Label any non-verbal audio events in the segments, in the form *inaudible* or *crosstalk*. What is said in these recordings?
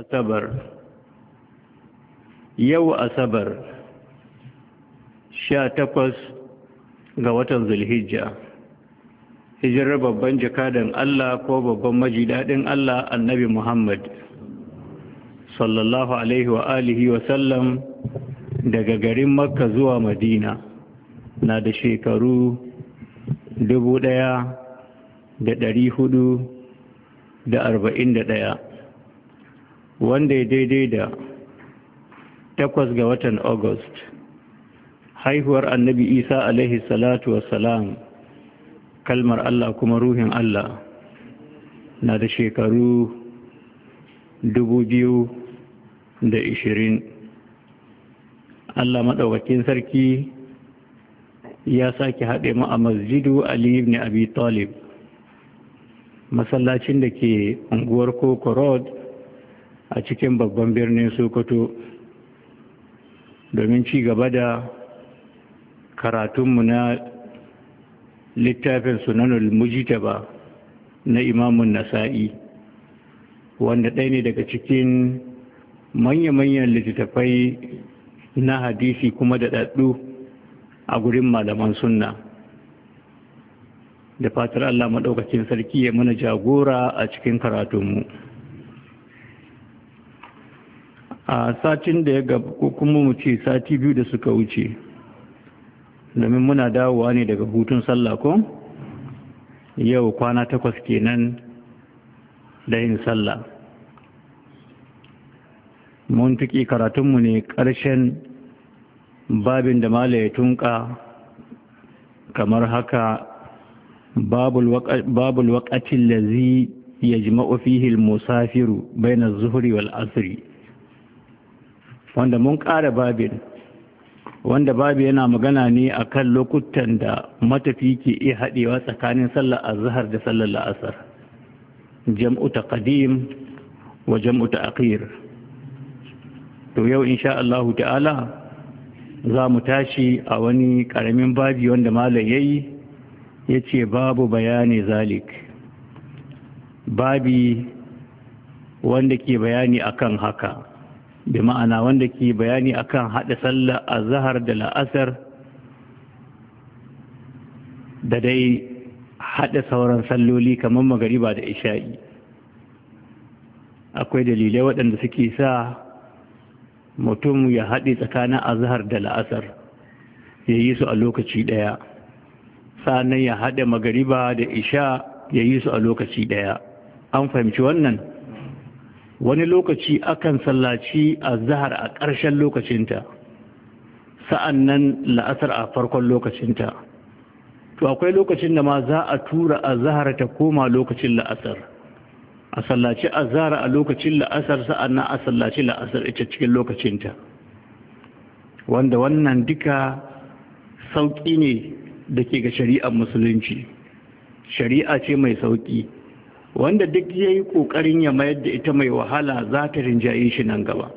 asabar yau asabar sha takwas ga watan zulhijja hijirar babban jakadan Allah ko babban majidadin Allah annabi Muhammad sallallahu alaihi wa alihi wa sallam daga garin makka zuwa madina na da shekaru dubu ɗaya da ɗari hudu da arba'in da ɗaya wanda ya daidai da takwas ga watan august haihuwar annabi isa alaihi salatu salam, kalmar allah kuma ruhin allah na da shekaru dubu da ishirin allah maɗaukakin sarki ya sake haɗe mu a masjidu ali ibn abi talib masallacin da ke unguwar koko road a cikin babban birnin sokoto domin ci gaba da karatunmu na littafin sunanul ba na imamun nasa'i wanda ɗaya ne daga cikin manya-manyan littattafai na hadisi kuma da ɗaɗɗu a gurin malaman sunna da fatar Allah maɗaukacin sarki ya mana jagora a cikin karatunmu. a satin da ya gaba ko kuma mu ce sati biyu da suka wuce domin muna dawowa ne daga hutun sallah ko yau kwana takwas kenan da yin sallah mun tuki karatunmu ne ƙarshen babin da mala ya tunƙa? kamar haka babul waƙacin lazi ya jima'u fihil musafiru bai zuhuri wal asiri wanda mun ƙara babin wanda babu yana magana ne a kan lokutan da matafi ke iya haɗewa tsakanin sallar azhar da sallar la'asar jam'u ta ƙadim wa jam'u ta akhir to yau insha Allah ta'ala za mu tashi a wani ƙaramin babi wanda malam yayi ya ce babu bayani zalik babi wanda ke bayani akan haka bi ma'ana wanda ke bayani akan haɗa sallah a da la'asar da dai haɗa sauran salloli kamar magariba da isha'i akwai dalilai waɗanda suke sa mutum ya haɗe tsakanin azhar da la'asar ya yi su a lokaci ɗaya nan ya haɗe magariba da isha ya yi su a lokaci ɗaya an fahimci wannan wani lokaci akan sallaci a zahar a ƙarshen lokacinta sa'an nan la'asar a farkon lokacinta to akwai lokacin da ma za a tura a zahar ta koma lokacin la'asar a sallaci a zahar a lokacin la'asar sa'an nan a sallaci la'asar ita cikin lokacinta wanda wannan duka sauƙi ne da ke ga shari'ar musulunci shari'a ce mai sauƙi wanda duk ya yi ƙoƙarin ya mayar da ita mai wahala za ta rinjaye shi nan gaba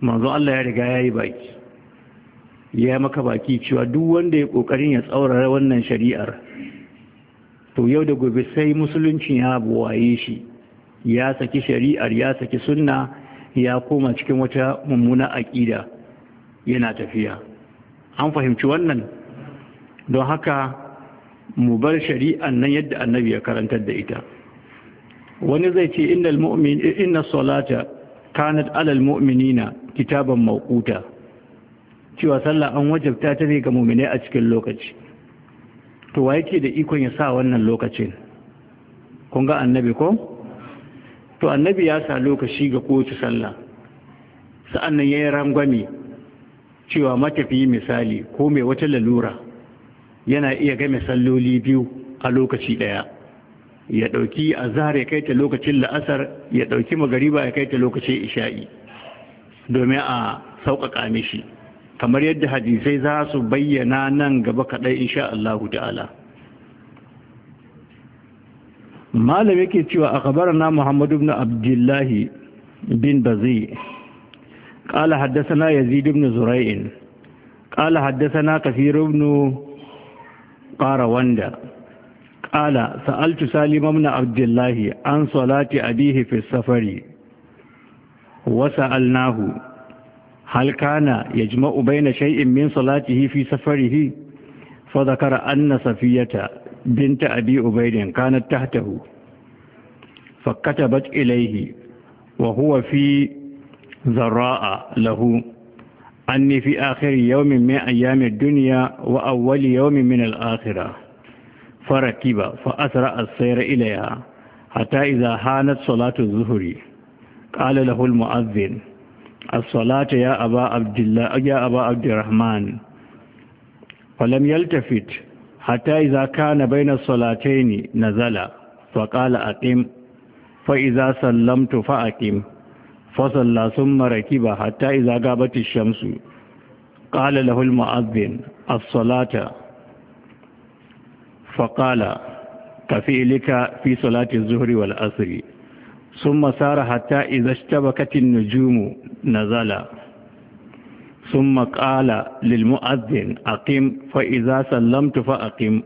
manzo Allah ya riga ya yi baki ya yi maka baki cewa duk wanda ya ƙoƙarin ya tsaurara wannan shari'ar to yau da gobe sai musulunci ya buwaye shi ya saki shari'ar ya saki sunna ya koma cikin wata mummuna aƙida yana tafiya an fahimci wannan don haka mu bar shari'an nan yadda annabi ya karantar da ita wani zai ce inna salata kanat alal mu'minina kitaban mawquta cewa sallah an wajabta ta ne ga mu'mine a cikin lokaci to wa yake da ikon ya sa wannan lokacin kun ga annabi ko to annabi ya sa lokaci ga kowace sallah sa'annan yayin rangwami, cewa matafi misali ko mai wata lalura yana iya game salloli biyu a lokaci ɗaya. ya ɗauki a zahar ya kai ta lokacin la'asar ya ɗauki magariba ya kai ta lokacin isha'i domin a sauƙaƙa mishi kamar yadda hadisai za su bayyana nan gaba kaɗai insha Allah ta'ala malam yake cewa a na Muhammadu ibn Abdullahi bin Bazi قال حدثنا يزيد بن haddasa na حدثنا كثير ƙara wanda. قال سألت سالم بن عبد الله عن صلاة أبيه في السفر وسألناه هل كان يجمع بين شيء من صلاته في سفره فذكر أن صفية بنت أبي أبيد كانت تحته فكتبت إليه وهو في ذراء له أني في آخر يوم من أيام الدنيا وأول يوم من الآخرة faraki ba fa asara a tsere ilaya hata iza hanat salatu zuhuri ƙala lahul mu'azzin as-salata ya aba abdullahi ya aba abdurrahman falam yaltafit hatta iza kana bainas salataini nazala fa qala aqim fa iza sallamtu fa aqim fa salla thumma rakiba hatta iza gabat ash-shamsu qala lahul mu'adhdhin as-salata فقال كفيلك في صلاة الظهر والأسر ثم سار حتى إذا اشتبكت النجوم نزل ثم قال للمؤذن أقم فإذا سلمت فأقم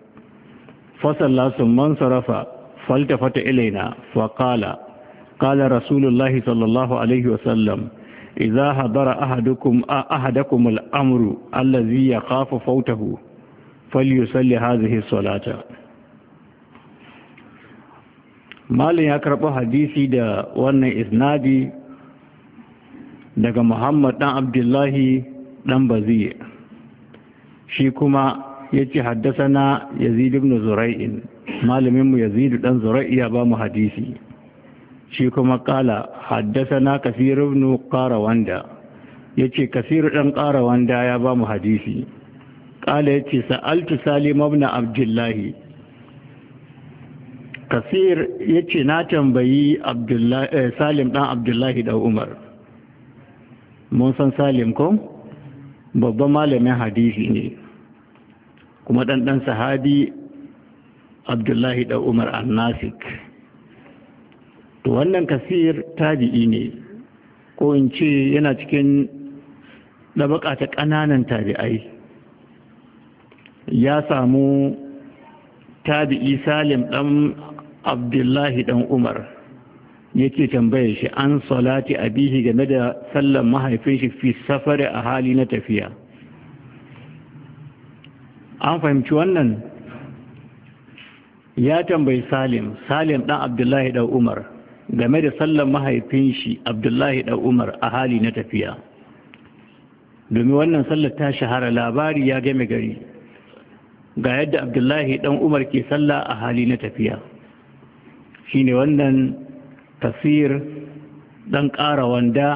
فصلى ثم انصرف فالتفت إلينا فقال قال رسول الله صلى الله عليه وسلم إذا حضر أحدكم أحدكم الأمر الذي يخاف فوته falyusalli hazihi salata malin ya karɓi hadisi da wannan isnadi daga muhammad ɗan abdullahi ɗan baziye shi kuma ya ce haddasa yazid ibn zura'in malaminmu yazid ɗan zura'i ya ba mu hadisi shi kuma ƙala haddasa na kasir ibn ƙara wanda ya ce kasir ɗan ƙara wanda ya ba mu hadisi ƙala ya ce sa'altu salim ibn abdullahi kasir ya ce na tambayi salim dan abdullahi da umar mun san salim ko babban malamin hadisi ne kuma ɗanɗan sahabi abdullahi da umar annasik to wannan kasir tabi'i ne ko in ce yana cikin ɗabaka ta ƙananan tabi'ai ya samu tabi'i salim ɗan abdullahi ɗan umar yake tambaye shi an salati abihi game da sallan mahaifin shi fi safari a hali na tafiya an fahimci wannan ya tambayi salim salim ɗan abdullahi ɗan umar game da sallan mahaifin shi abdullahi ɗan umar a hali na tafiya domin wannan sallar ta shahara labari ya game gari ga yadda abdullahi dan umar ke sallah a hali na tafiya shi ne wannan tafiyar dan ƙara wanda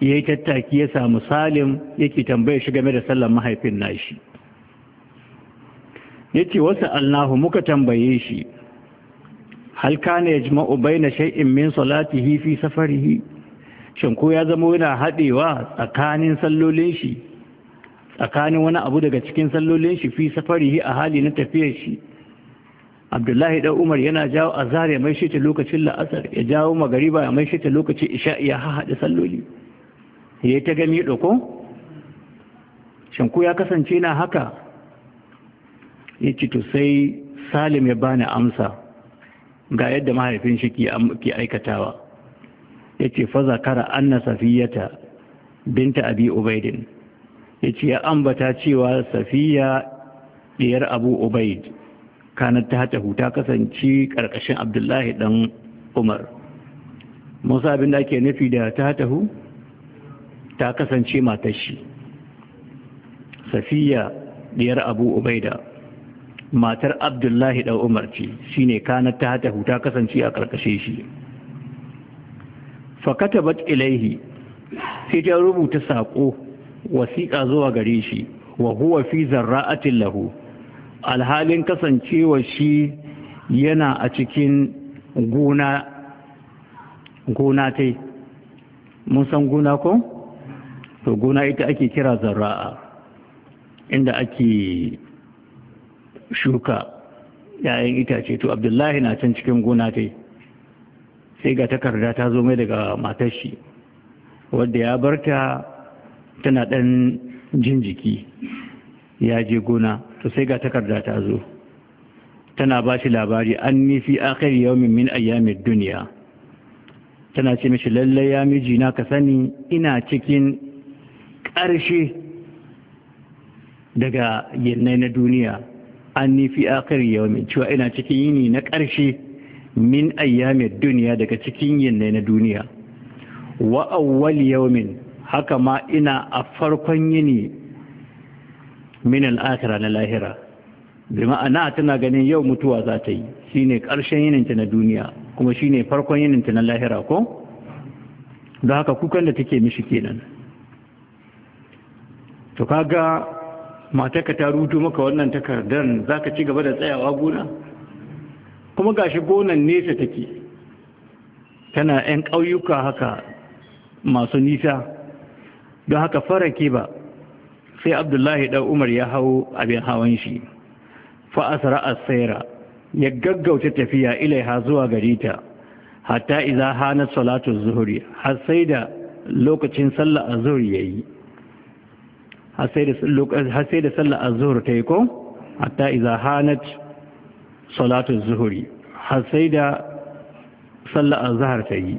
ya yi tattaki ya samu salim yake tambaye shi game da sallar mahaifin nashi ya ce wasu allahu muka tambaye shi halka ne ya jima'u bai na shai'in min salatihi fi safarihi shin ko ya zama yana haɗewa tsakanin sallolin shi tsakanin wani abu daga cikin sallolin shi fi safarihi a hali na tafiyar shi abdullahi dan umar yana jawo azhar ya mai ta lokacin la'asar ya jawo magariba ya mai ta lokacin isha ya haɗa salloli ya ta gami ɗauko shanku ya kasance na haka ya ci to sai salim ya bani amsa ga yadda mahaifin shi ke aikatawa ya ce faza kara anna safiyata binta abi ubaidin ya ce ya ambata cewa safiya ɗiyar abu ubaid kanar ta hata huta kasance ƙarƙashin abdullahi ɗan umar musa abin da ke nufi da ta hata hu ta kasance matar shi safiya ɗiyar abu ubaida matar abdullahi ɗan umar ce shi ne kanar ta hata huta kasance a ƙarƙashe shi fakata bat ilaihi sai ta rubuta saƙo wasiƙa zuwa gare shi wa huwa fi zarra'atin lahu alhalin kasancewa shi yana a cikin gona gona tai mun san gona ko to gona ita ake kira zarra'a inda ake shuka yayin itace to abdullahi na can cikin gona tai sai ga takarda ta zo mai daga matashi. wadda ya barta tana ɗan jin jiki ya je gona to sai ga takarda ta zo tana ba shi labari an nifi akhir yawmin min ayyamin duniya tana ce mishi lallai ya miji na ka sani ina cikin ƙarshe daga yannai na duniya an nifi akhir yawmin cewa ina cikin yini na ƙarshe min ayyamin duniya daga cikin yannai na duniya wa awwal yawmin haka ma ina a farkon yini min al'akira na lahira bi ma'ana tana ganin yau mutuwa za ta yi shine ƙarshen yininta na duniya kuma shine farkon yininta na lahira ko don haka kukan da take mishi kenan to kaga matarka ta rutu maka wannan takardar zaka ci gaba da tsayawa gona kuma gashi gonan nesa take tana 'yan ƙauyuka haka masu nisa don haka ke ba sai abdullahi ɗan umar ya hau abin hawan shi fa'asara a tsera ya gaggauta tafiya ilaiha zuwa gari ta hatta iza hana salatu zuhuri har sai da lokacin sallah a zuhuri ya yi har sai da sallah a zuhuri ta yi ko hatta iza hana salatu zuhuri har sai da sallah a zahar ta yi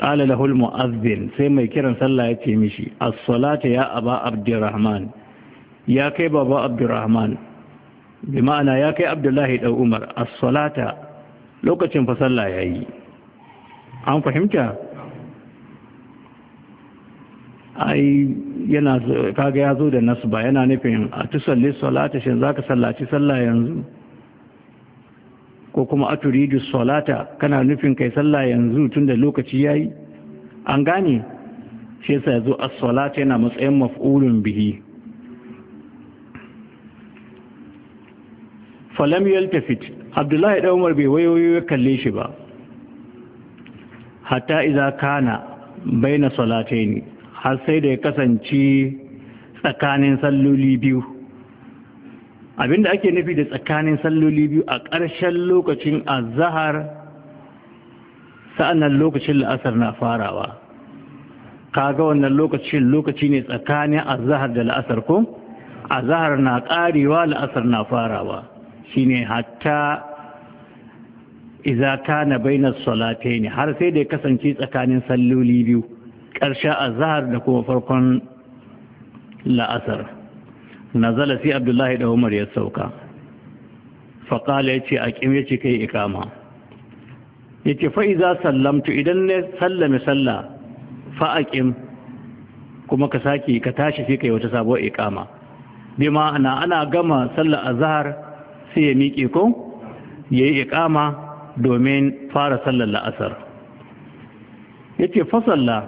da lahu almu'adhdhin sai mai kiran sallah ya ce mishi A salata ya aba abdurrahman ya kai baba abdurrahman bi ma'ana ya kai abdullahi dan umar as-salata lokacin fa sallah yayi an fahimta ai yana kaga ya zo da nasu ba yana nufin a tusalli salata za zaka sallaci sallah yanzu ko kuma aturidu solata kana nufin kai sallah yanzu tun da lokaci ya yi? an gane shi yasa zo a salata yana matsayin maf'ulun bihi falam tafit, abdullahi da umar bai wayoyi ya kalle shi ba hatta idza kana baina salataini har sai da ya kasance tsakanin salloli biyu Abin da ake nufi da tsakanin salloli biyu a ƙarshen lokacin azahar sa'annan lokacin la'asar na farawa kaga wannan lokacin lokaci ne tsakanin azahar da la'asar ko azahar na ƙarewa la'asar na farawa shine hatta iza kana salate ne, har sai da ya kasance tsakanin salloli biyu ƙarshen azahar da kuma farkon la'asar nazala sai abdullahi da umar ya sauka faƙala ya ce a ƙim ya ce kai ikama ya ce fa'iza sallamtu idan ne sallame salla fa'aƙim kuma ka sake ka tashi fi kai wata sabuwar ikama bi ma'ana ana gama sallar Azahar sai ya miƙe ko ya yi ikama domin fara sallar la'asar ya ce fasalla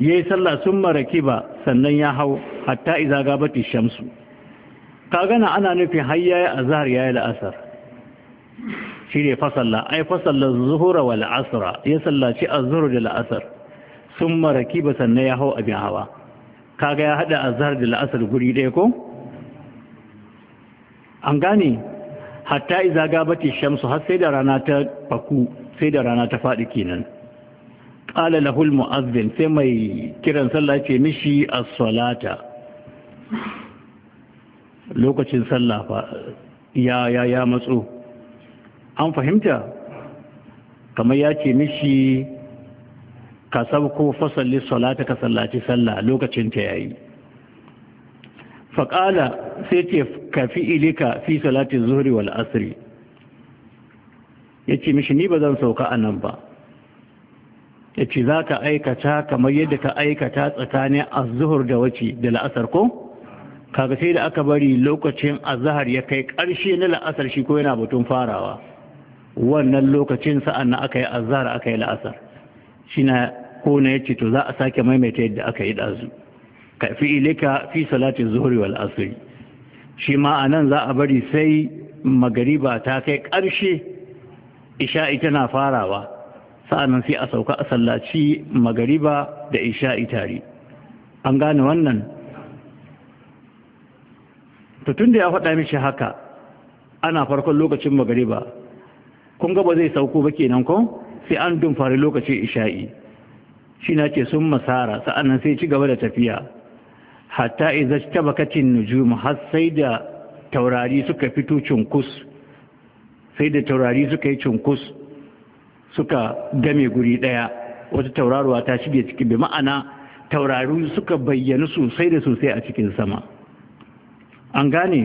ya yi sallar sun mara kiba sannan ya hau hatta iza gabati shamsu kagana ana nufin ya azhar yayi la'asar ne fasalla ai fasalla zuhura wa la'asara ya sallaci azhur da la'asar sun mara kiba sannan ya hau abin hawa kaga ya hada azhar da la'asar guri ɗaya ko an gane hatta iza gabati shamsu har sai da rana ta faku sai da rana ta faɗi kenan qala lahul mu'azzin sai mai kiran sallah ce mishi as-salata lokacin sallah fa ya ya matso an fahimta kamar ya ce mishi ka ko fasalli salata ka sallaci sallah lokacin ta yayi faƙala sai ce ka fi ilika fi salatin zuhri wal asri ya ce mishi ni ba zan sauka a nan ba ya ce za ka aikata kamar yadda ka aikata tsakanin azuhur da wace da la'asar ko? kaga sai da aka bari lokacin azhar ya kai ƙarshe na la'asar shi ko yana batun farawa wannan lokacin sa'an na aka yi azhar aka yi la'asar shi na kone yace to za a sake maimaita yadda aka yi dazu ka fi ilika fi salatin zuhri wal asri shi ma anan za a bari sai magariba ta kai ƙarshe isha'i tana farawa sa'annan sai a sauka a sallaci magariba da isha'i tare an gane wannan to tun da ya faɗa mishi haka ana farkon lokacin magariba kun ga ba zai sauko ba kenan ko sai an dumfari lokacin isha'i shi na ce sun masara sa'annan sai ci gaba da tafiya hatta iza tabakatin nujum har sai da taurari suka fito cunkus sai da taurari suka yi cunkus suka game guri ɗaya wata tauraruwa ta shige ciki bi ma'ana taurari suka bayyana sosai da sosai a cikin sama an gane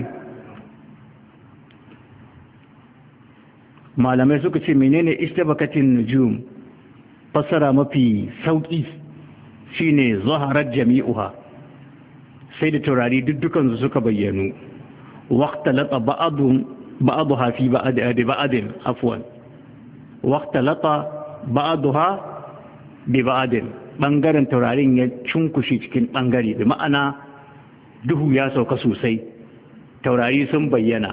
malamai suka ce menene istabakatin nujum fasara mafi sauƙi shine zaharar jami'uha sai da turari dukkan suka bayyanu lata ba'dhum ba'dha fi ba'd ba'd afwan lata ba'dha bi ba'd bangaren taurarin ya cunkushe cikin bangare da ma'ana duhu ya sauka sosai taurari sun bayyana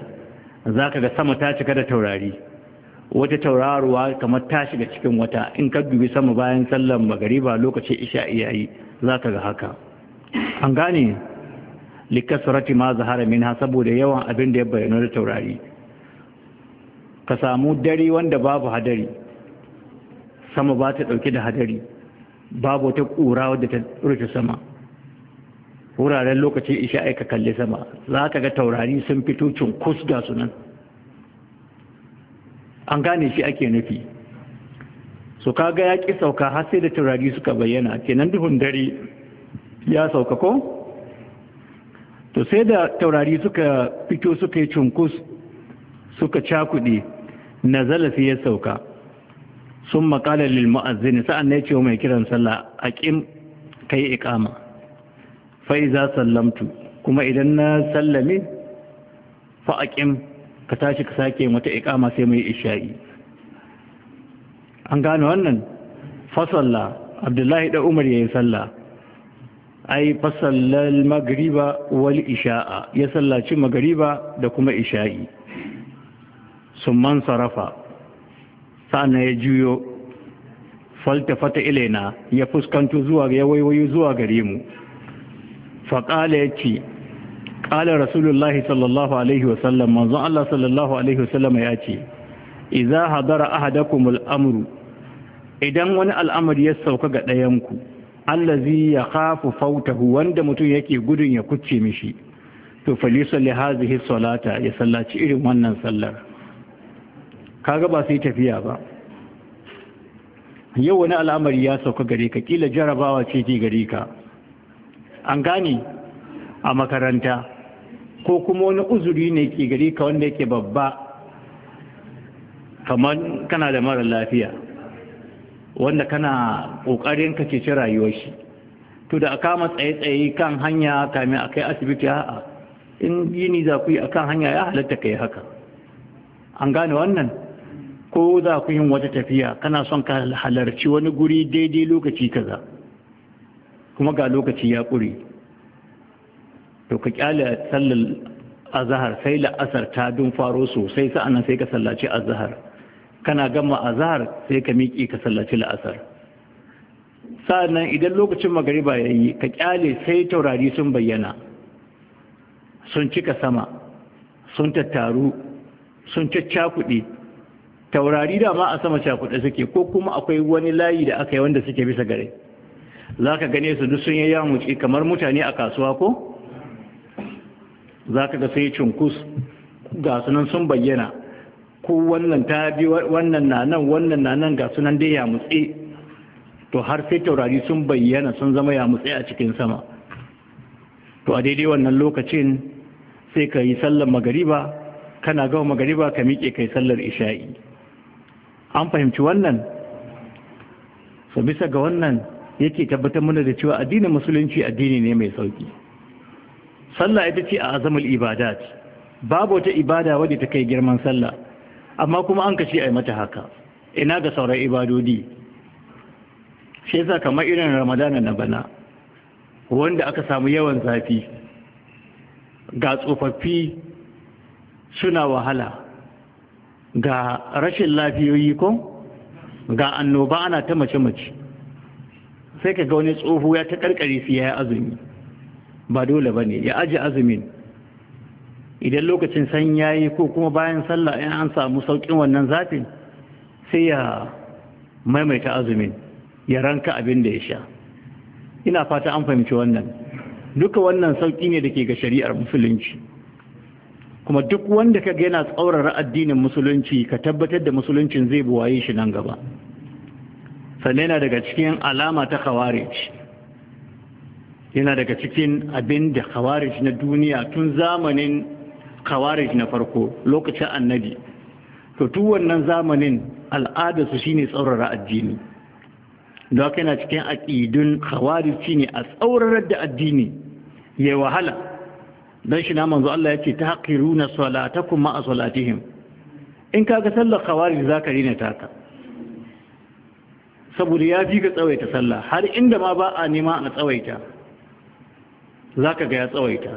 za ka ga sama ta cika da taurari wata tauraruwa kamar ta shiga cikin wata in ka dubi sama bayan sallan magariba lokacin isha iyayi za ka ga haka an gane likasarati ma zahara minha saboda yawan abin da ya bayyana da taurari ka samu dare wanda babu hadari sama ba ta dauke da hadari babu ta kura wadda ta rufe sama wuraren lokacin isha'i ka kalli sama za ka ga taurari sun fito cunkus ga sunan an gane shi ake nufi su kaga ya ƙi sauka har sai da taurari suka bayyana kenan duhun dare ya sauka ko to sai da taurari suka fito suka yi cunkus suka cakuɗe na zalafi ya sauka sun makalar lil sa'an na ya ce mai kiran sallah a ƙin kai ikama fa'iza sallamtu kuma idan na sallame fa'aƙin ka tashi ka sake wata ikama sai mai isha'i an gano wannan fasalla abdullahi da umar ya yi salla ai fasallal magariba wal isha'a ya sallaci magariba da kuma isha'i sun sarafa sarrafa sa'an ya juyo fata ilaina ya fuskanto zuwa ya waiwayo zuwa gare mu faƙala ya ce ƙalar rasulullahi sallallahu alaihi wasallam manzon Allah sallallahu alaihi wasallam ya ce iza hadara ahadakumul al’amuru idan wani al'amari ya sauka ga ɗayanku zai ya kafa fautahu wanda mutum yake gudun ya kuce mishi to li hazihi salata ya sallaci irin wannan sallar kaga ba sai tafiya ba yau wani al'amari ya sauka gare ka kila jarabawa ce ke gare ka an gane a makaranta ko kuma wani uzuri ne ke gari ka wanda yake babba kamar kana da mara lafiya wanda kana ƙoƙarin ka ci rayuwar shi to da aka tsaye-tsaye kan hanya kamin a kai asibiti a in yini za ku yi a kan hanya ya halatta ka yi haka an gane wannan ko za ku yin wata tafiya kana son ka halarci wani guri daidai lokaci kaza kuma ga lokaci ya ƙure to ka ƙyale sallar azahar sai la'asar ta dun faro sosai sa'annan sai ka sallaci azahar kana gama azahar sai ka miƙi ka sallaci la'asar sa'annan idan lokacin magariba ya yi ka kyale sai taurari sun bayyana sun cika sama sun tattaru sun caccakuɗe taurari dama a sama cakuɗe suke ko kuma akwai wani layi da aka yi wanda suke bisa gare za ka gane su duk sun yi yamuci kamar mutane a kasuwa ko za ka ga sai cunkus ga sunan sun bayyana ko wannan ta bi wannan na nan wannan na nan ga sunan dai yamutse to har sai taurari sun bayyana sun zama ya yamutse a cikin sama to a daidai wannan lokacin sai ka yi sallar magariba kana gawa magariba ka miƙe kai sallar isha'i an fahimci wannan su bisa ga wannan yake tabbatar mana da cewa addinin musulunci addini ne mai sauki sallah ita ce a azamul ibadat babu wata ibada wadda ta kai girman sallah amma kuma an kace ai mata haka ina ga sauran ibadodi shi yasa kamar irin ramadana na bana wanda aka samu yawan zafi ga tsofaffi suna wahala ga rashin lafiyoyi ko ga annoba ana ta mace-mace sai ka ga wani tsoho ya ta karkare su ya yi azumi ba dole ba ne ya aji azumin idan lokacin san ya yi ko kuma bayan sallah in an samu sauƙin wannan zafin sai ya maimaita azumin ya ranka abin da ya sha ina fata an fahimci wannan duka wannan sauƙi ne da ke ga shari'ar musulunci kuma duk wanda ka ga yana tsaurara addinin musulunci ka tabbatar da musuluncin zai buwaye shi nan gaba sannan yana daga cikin alama ta khawarij yana daga cikin abin da khawarij na duniya tun zamanin khawarij na farko lokacin annabi to tun wannan zamanin al'ada su shine tsaurara addini don haka yana cikin aqidun khawarij shine a tsaurara da addini yayi wahala Don shi na manzo Allah yace tahqiruna salatakum ma salatihim in kaga sallar khawarij zaka rina taka saboda ya fi ka tsawaita sallah har inda ma ba a nema a tsawaita za ka ga ya tsawaita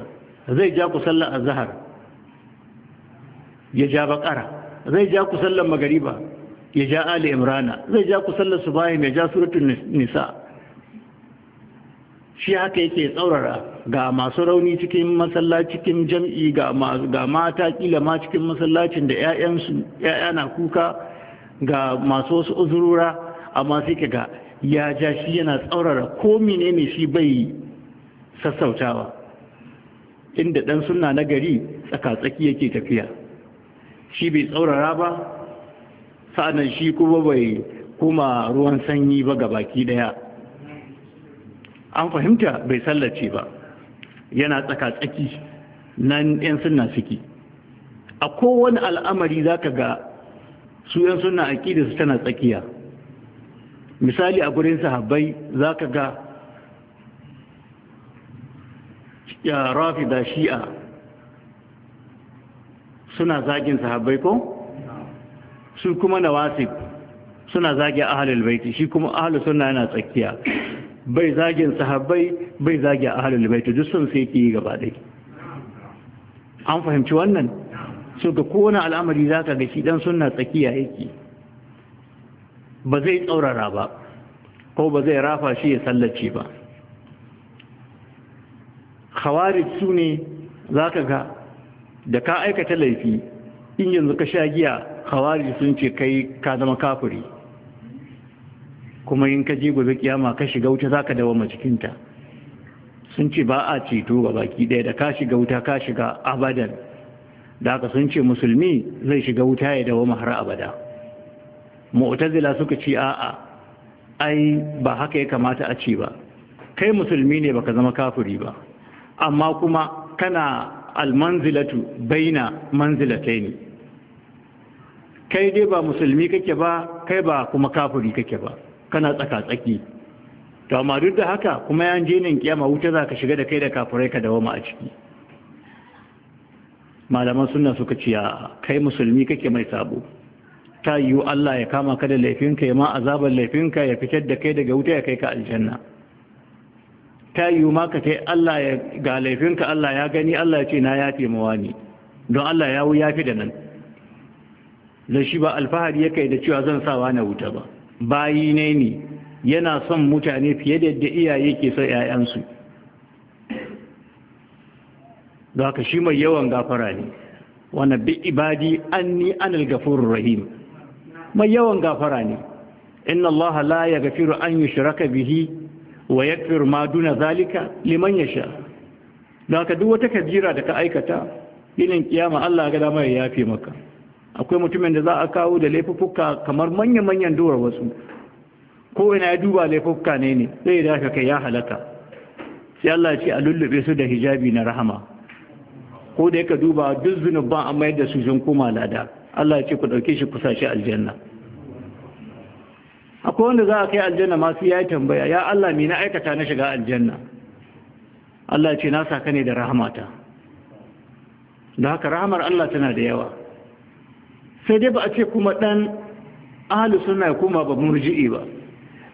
zai ja ku sallar azahar ya ja bakara zai ja ku sallar magariba ya ja ali imrana zai ja ku sallar bayan ya ja suratun nisa shi haka yake tsaurara ga masu rauni cikin masallaci cikin jam'i ga mata kila ma cikin masallacin da 'ya'yansu 'ya'ya na kuka ga masu wasu uzurura amma sai kaga ya ja shi yana tsaurara ko menene shi bai sassautawa inda dan suna na gari tsaka-tsaki yake tafiya shi bai tsaurara ba sa'annan shi kuma bai kuma ruwan sanyi ba ga baki daya an fahimta bai sallace ba yana tsaka-tsaki nan 'yan suna suke a kowane al'amari za ka ga su 'yan aƙi aƙida su tana tsakiya misali a gurin sahabbai za ka ga ya rafi da shi'a suna zagin sahabbai ko? su kuma na wasif suna a ahalul baiti shi kuma ahalul suna yana tsakiya bai zagin sahabbai bai a ahalul baiti duk sun sai ke yi gaba dai an fahimci wannan so ga kowane al'amari za ka ga shi dan suna tsakiya yake ba zai tsaurara ba ko ba zai rafa shi ya sallace ba khawarij su ne za ka ga da ka aikata laifi in yanzu ka sha giya khawarij sun ce kai ka zama kafuri. kuma in ka je gobe kiyama ka shiga wuta za ka ma cikinta sun ce ba a ceto ga baki ɗaya da ka shiga wuta ka shiga abadan da aka sun ce musulmi zai shiga wuta ya ma har abada mu'tazila suka ce a'a ai ba haka ya kamata a ce ba kai musulmi ne baka zama kafiri ba amma kuma kana almanzilatu baina manzilataini kai dai ba musulmi kake ba kai ba kuma kafiri kake ba kana tsaka tsaki to amma duk da haka kuma yan jinin kiyama wuta za ka shiga da kai da kafirai ka dawo ma a ciki malaman sunna suka ce kai musulmi kake mai sabo ta yiwu Allah ya kama ka da laifinka ya ma azabar laifinka ya fitar da kai daga wuta ya kai ka aljanna ta yiwu ma ka kai Allah ya ga laifinka Allah ya gani Allah ya ce na ya fi mawa ne don Allah ya wuya fi da nan da shi ba alfahari ya kai da cewa zan sa na wuta ba bayi ne ni yana son mutane fiye da yadda iyaye ke son 'ya'yansu da haka shi mai yawan gafara ne wannan bi ibadi anni anil gafurur rahim mai yawan gafara ne inna allaha la yaghfiru an yushraka bihi wa yaghfiru ma duna zalika liman yasha da ka duk wata kajira da ka aikata ilin kiyama Allah ga damar ya yafe maka akwai mutumin da za a kawo da laifuffuka kamar manya-manyan dora wasu ko ina ya duba laifuffuka ne ne zai dace kai ya halaka sai Allah ya ce a lullube su da hijabi na rahama ko da yaka duba duk zunubban amma yadda su sun koma lada Allah ya ce ku ɗauke shi kusa shi aljanna akwai wanda za a kai aljanna masu ya yi tambaya ya Allah mai na aikata na shiga aljanna Allah ce na saka ne da rahamata da haka rahamar Allah tana da yawa sai dai ba a ce kuma ɗan ahalu suna koma ba murji'i ba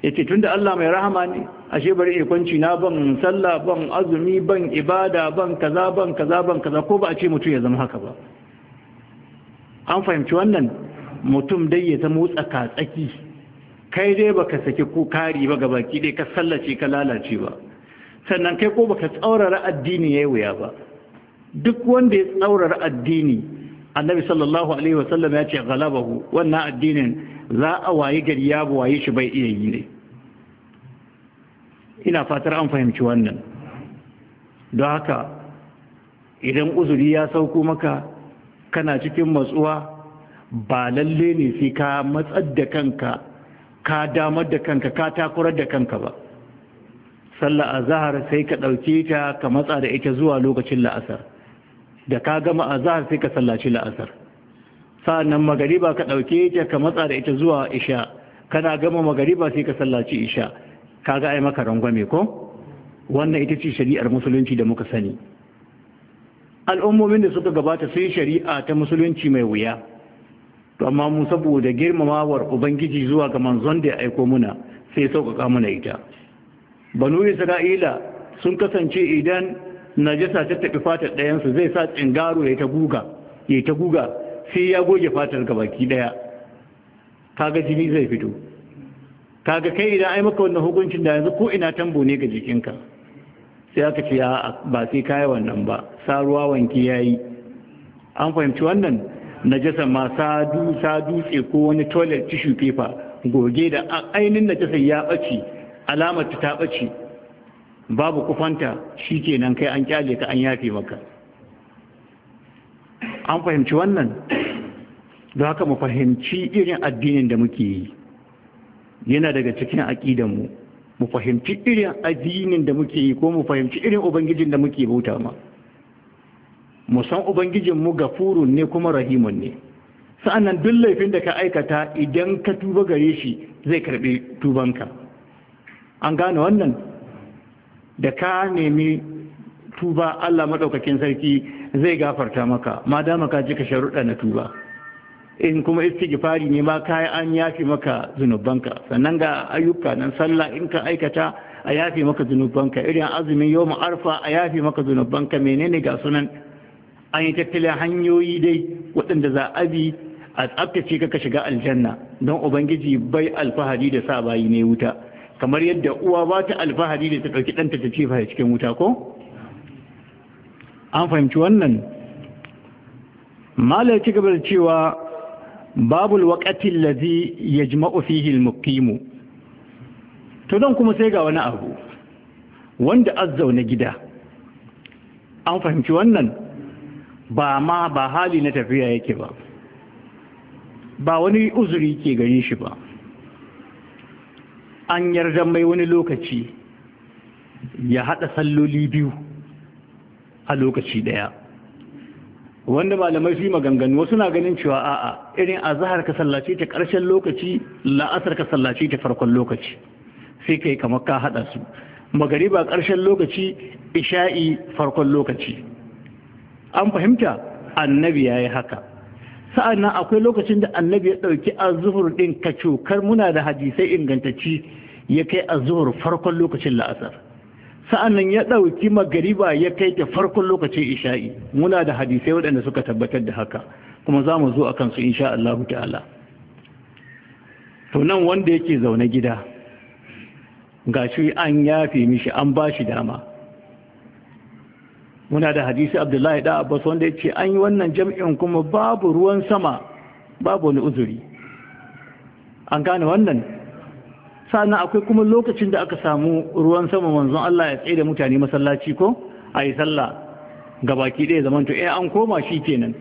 ya ce tun da Allah mai rahama ne ashe bari ikonci na ban sallah ban azumi ban ibada ban kaza ban kaza ban kaza ko ba a ce mutum ya zama haka ba an fahimci wannan mutum dai ya zama tsaka tsaki kai dai baka saki ko kari ba gabaki dai ka sallace ka lalace ba sannan kai ko baka tsaurara addini yayi wuya ba duk wanda ya tsaurara addini annabi sallallahu alaihi wasallam ya ce galabahu wannan addinin za a wayi gari ya waye shi bai iya yi ne ina fatar an fahimci wannan don haka idan uzuri ya sauko maka kana cikin matsuwa ba lalle ne sai ka matsar da kanka ka damar da kanka ka takurar da kanka ba sallar azahar sai ka ɗauke ta ka matsa da ita zuwa lokacin la'asar da ka gama azahar sai ka sallaci la'asar Sannan magariba ka ɗauke ta ka matsa da ita zuwa isha kana gama magariba sai ka sallaci isha kaga ai maka rangwame ko wannan ita ce shari'ar musulunci da muka sani al'ummomin da suka gabata sai shari'a ta musulunci mai wuya to amma mu saboda girmamawar ubangiji zuwa ga manzon da ya aiko muna sai sauƙaƙa mana ita banu isra'ila sun kasance idan najasa ta tafi fatar ɗayansu zai sa tsingaro ya ta guga ya ta guga sai ya goge fatar ga baki ɗaya kaga jini zai fito kaga kai idan ai maka wannan hukuncin da yanzu ko ina tambo ne ga jikinka sai aka ce ba sai kayi wannan ba saruwa wanki yi. an fahimci wannan najasa ma sa dutse ko wani toilet tissue paper goge da ainihin najasa ya ɓace alamar ta ɓace babu kufanta shi nan kai an kyale ka an yafe maka an fahimci wannan don haka mu fahimci irin addinin da muke yi yana daga cikin aƙidanmu mu fahimci irin addinin da muke yi ko mu fahimci irin ubangijin da muke bauta ma mu san ubangijin mu gafurun ne kuma rahimun ne sa'annan duk laifin da ka aikata idan ka tuba gare shi zai karbi tubanka an gane wannan da ka nemi tuba Allah madaukakin sarki zai gafarta maka madama ka ji ka sharuɗa na tuba in kuma istighfari ne ma kai an yafi maka zunubanka sannan ga ayyuka nan sallah in ka aikata a yafi maka zunubanka irin azumin yawmu arfa a yafi maka zunubanka menene ga sunan an yi tattalin hanyoyi dai waɗanda za a bi a tsaftace ka shiga aljanna don ubangiji bai alfahari da sa bayi ne wuta kamar yadda uwa ba ta alfahari da ta ɗauki ɗanta ta ce cikin wuta ko an fahimci wannan malar ci gaba da cewa Babu waƙatin lazi ya ji maufi mukimu to don kuma sai ga wani abu wanda na gida an fahimci wannan ba ma ba hali na tafiya yake ba ba wani uzuri ke gare shi ba an yarda mai wani lokaci ya haɗa salloli biyu a lokaci ɗaya wanda malamai su yi maganganu wasu na ganin cewa a'a irin azahar ka sallace ta karshen lokaci la'asar ka sallace ta farkon lokaci sai kai kamar ka hada su Magari ba karshen lokaci isha'i farkon lokaci an fahimta annabi ya yi haka sa'annan akwai lokacin da annabi ya ɗauki dauki ɗin din kar muna da hadisai ingantacci ya kai Azuhur farkon lokacin la'asar sa'annan ya ɗauki magariba ya kai ta farkon lokacin isha'i muna da hadisai waɗanda suka tabbatar da haka kuma za mu zo a kansu insha Allah ta'ala to nan wanda yake zaune gida ga shi an yafe mishi an ba shi dama muna da hadisi abdullahi da abbas wanda ya ce an yi wannan jam'in kuma babu ruwan sama babu wani uzuri an gane wannan sannan akwai kuma lokacin da aka samu ruwan sama manzon Allah ya tsaye da mutane masallaci ko a yi sallah ga baki ɗaya zaman to eh, an koma shi kenan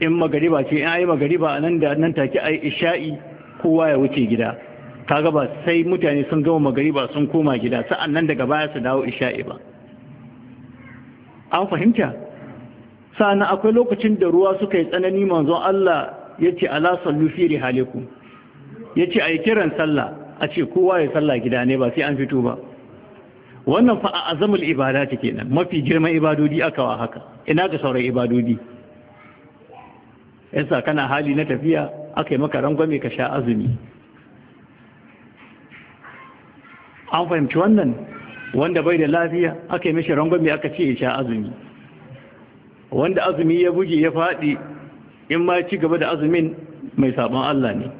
in magariba ce in ayi magariba nan da nan take ayi isha'i kowa ya wuce gida kaga ba sai mutane sun gama magariba sun koma gida sa'an nan daga baya su dawo isha'i ba an fahimta sannan akwai lokacin da ruwa suka yi tsanani manzon Allah ya ce ala sallu fi rihalikum ya ce kiran sallah a ce kowa ya sallah gida ne ba sai an fito ba wannan fa a azamul ibada kenan mafi girman ibadodi aka wa haka ina ga sauran ibadodi yasa kana hali na tafiya aka yi maka rangwame ka sha azumi an fahimci wannan wanda bai da lafiya akai yi mishi rangwame aka ce ya sha azumi wanda azumi ya buge ya faɗi in ma ci gaba da azumin mai sabon Allah ne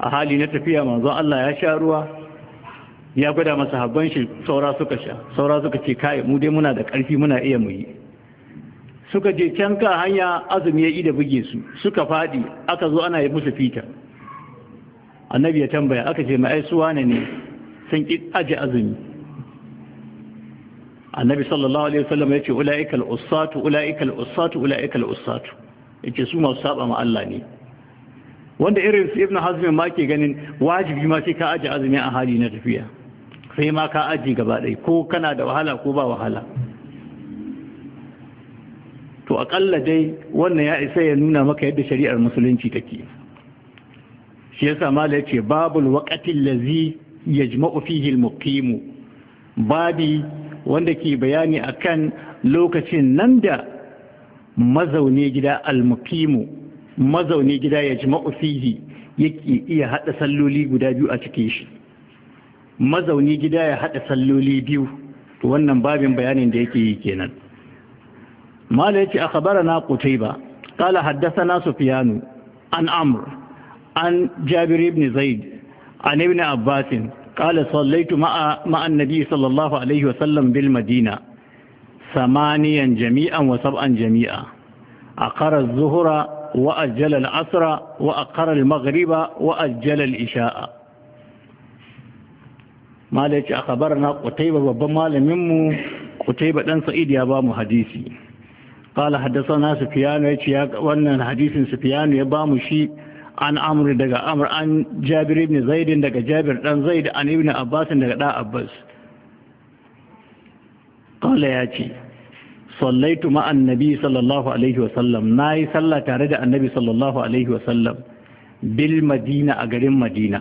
a hali na tafiya manzo Allah ya sha ruwa ya gwada masa habban shi saura suka sha saura suka ce kai mu dai muna da ƙarfi muna iya mu yi suka je can ka hanya azumi ya yi da buge su suka fadi aka zo ana yi musu fita annabi ya tambaya aka ce mai su wane ne sun ki aje azumi annabi sallallahu alaihi wasallam ya ce ulaikal usatu ulaikal usatu ulaikal usatu yace su masu saba ma Allah ne wanda irin su ibn hazmi ma ke ganin wajibi ma sai ka aji azumi a hali na tafiya sai ma ka aji gaba ɗaya ko kana da wahala ko ba wahala to akalla dai wannan ya isa ya nuna maka yadda shari'ar musulunci take shi yasa mala yace babul waqatil ladhi yajma'u fihi al babi wanda ke bayani akan lokacin nan da mazaune gida al-muqimu mazauni gida ya ji ma'ufihi yake iya haɗa salloli guda biyu a cikin shi mazauni gida ya haɗa salloli biyu to wannan babin bayanin da yake yi kenan mala yace akhbarana qutayba qala haddathana sufyan an amr an jabir ibn zaid an ibn abbas qala sallaitu ma'a ma'a nabi sallallahu alaihi wasallam bil madina samaniyan jami'an wa sab'an jami'a aqara az-zuhra وأجل العصر وأقر المغرب وأجل الإشاء ما ليش أخبرنا قتيبة وبمال منه قتيبة أن سعيد يبام حديثي قال حدثنا سفيان وأن الحديث سفيان يبام شيء عن أمر دقى أمر عن جابر بن زيد دقى جابر بن زيد عن ابن أباس دقى دا عباس قال ياتي sallaitu ma annabi sallallahu alaihi wa na yi sallah tare da annabi sallallahu alaihi sallam bil madina a garin madina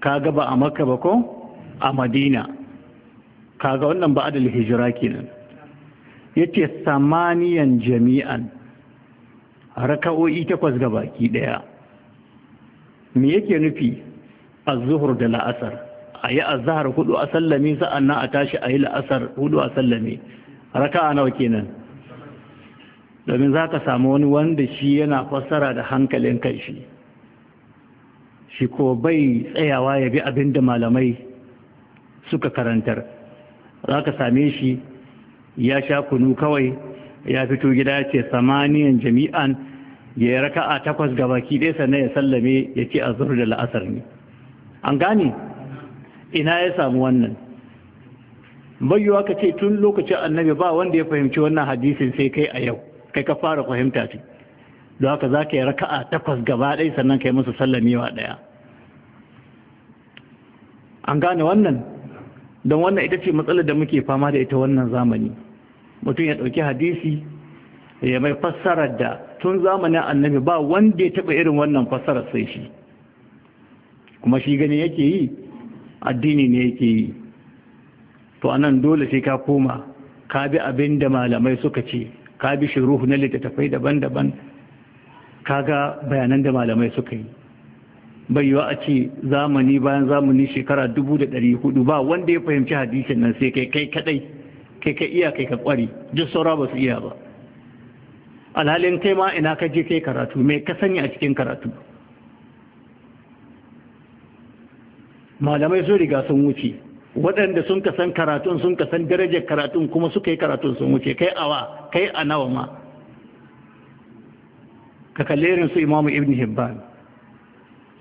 kaga ba a makka ba ko a madina kaga wannan ba adal hijira kenan yace samaniyan jami'an raka'o'i takwas ga baki daya me yake nufi az-zuhr da la'asar a yi azahar hudu a sallami sa'annan a tashi a yi la'asar hudu a sallami raka'a nawa kenan domin za ka samu wani wanda shi yana fassara da hankalin kai shi shi ko bai tsayawa ya bi abin da malamai suka karantar za ka same shi ya sha kunu kawai ya fito gida ya ce samaniyan jami'an ya yi raka'a takwas gabaki ɗaya sannan ya sallame ya ce a zuru da la'asar ne an gane ina ya samu wannan bayyuwa ka ce tun lokacin annabi ba wanda ya fahimci wannan hadisin sai kai a yau kai ka fara fahimta ce don haka za ka yi raka'a takwas gaba ɗai sannan ka yi musu sallamewa ɗaya an gane wannan don wannan ita ce matsalar da muke fama da ita wannan zamani mutum ya ɗauki hadisi ya mai fassarar da tun zamanin annabi ba wanda ya taɓa irin wannan fassarar sai shi kuma shi gani yake yi addini ne yake yi to anan dole sai ka koma ka bi abin da malamai suka ce ka bi shiruhu na littattafai daban-daban ka ga bayanan da malamai suka yi baiwa a ce zamani bayan zamani shekara dubu da ɗari hudu ba wanda ya fahimci hadisin nan sai kai kai kadai kai kai iya kai ka kwari duk saura ba su iya ba alhalin kai ma ina ka je kai karatu mai ka sani a cikin karatu malamai sun riga sun wuce waɗanda sun kasan karatun sun kasan darajar karatun kuma suka yi karatun sun wuce kai awa kai a nawa ma ka kallerin su imamu ibn hibban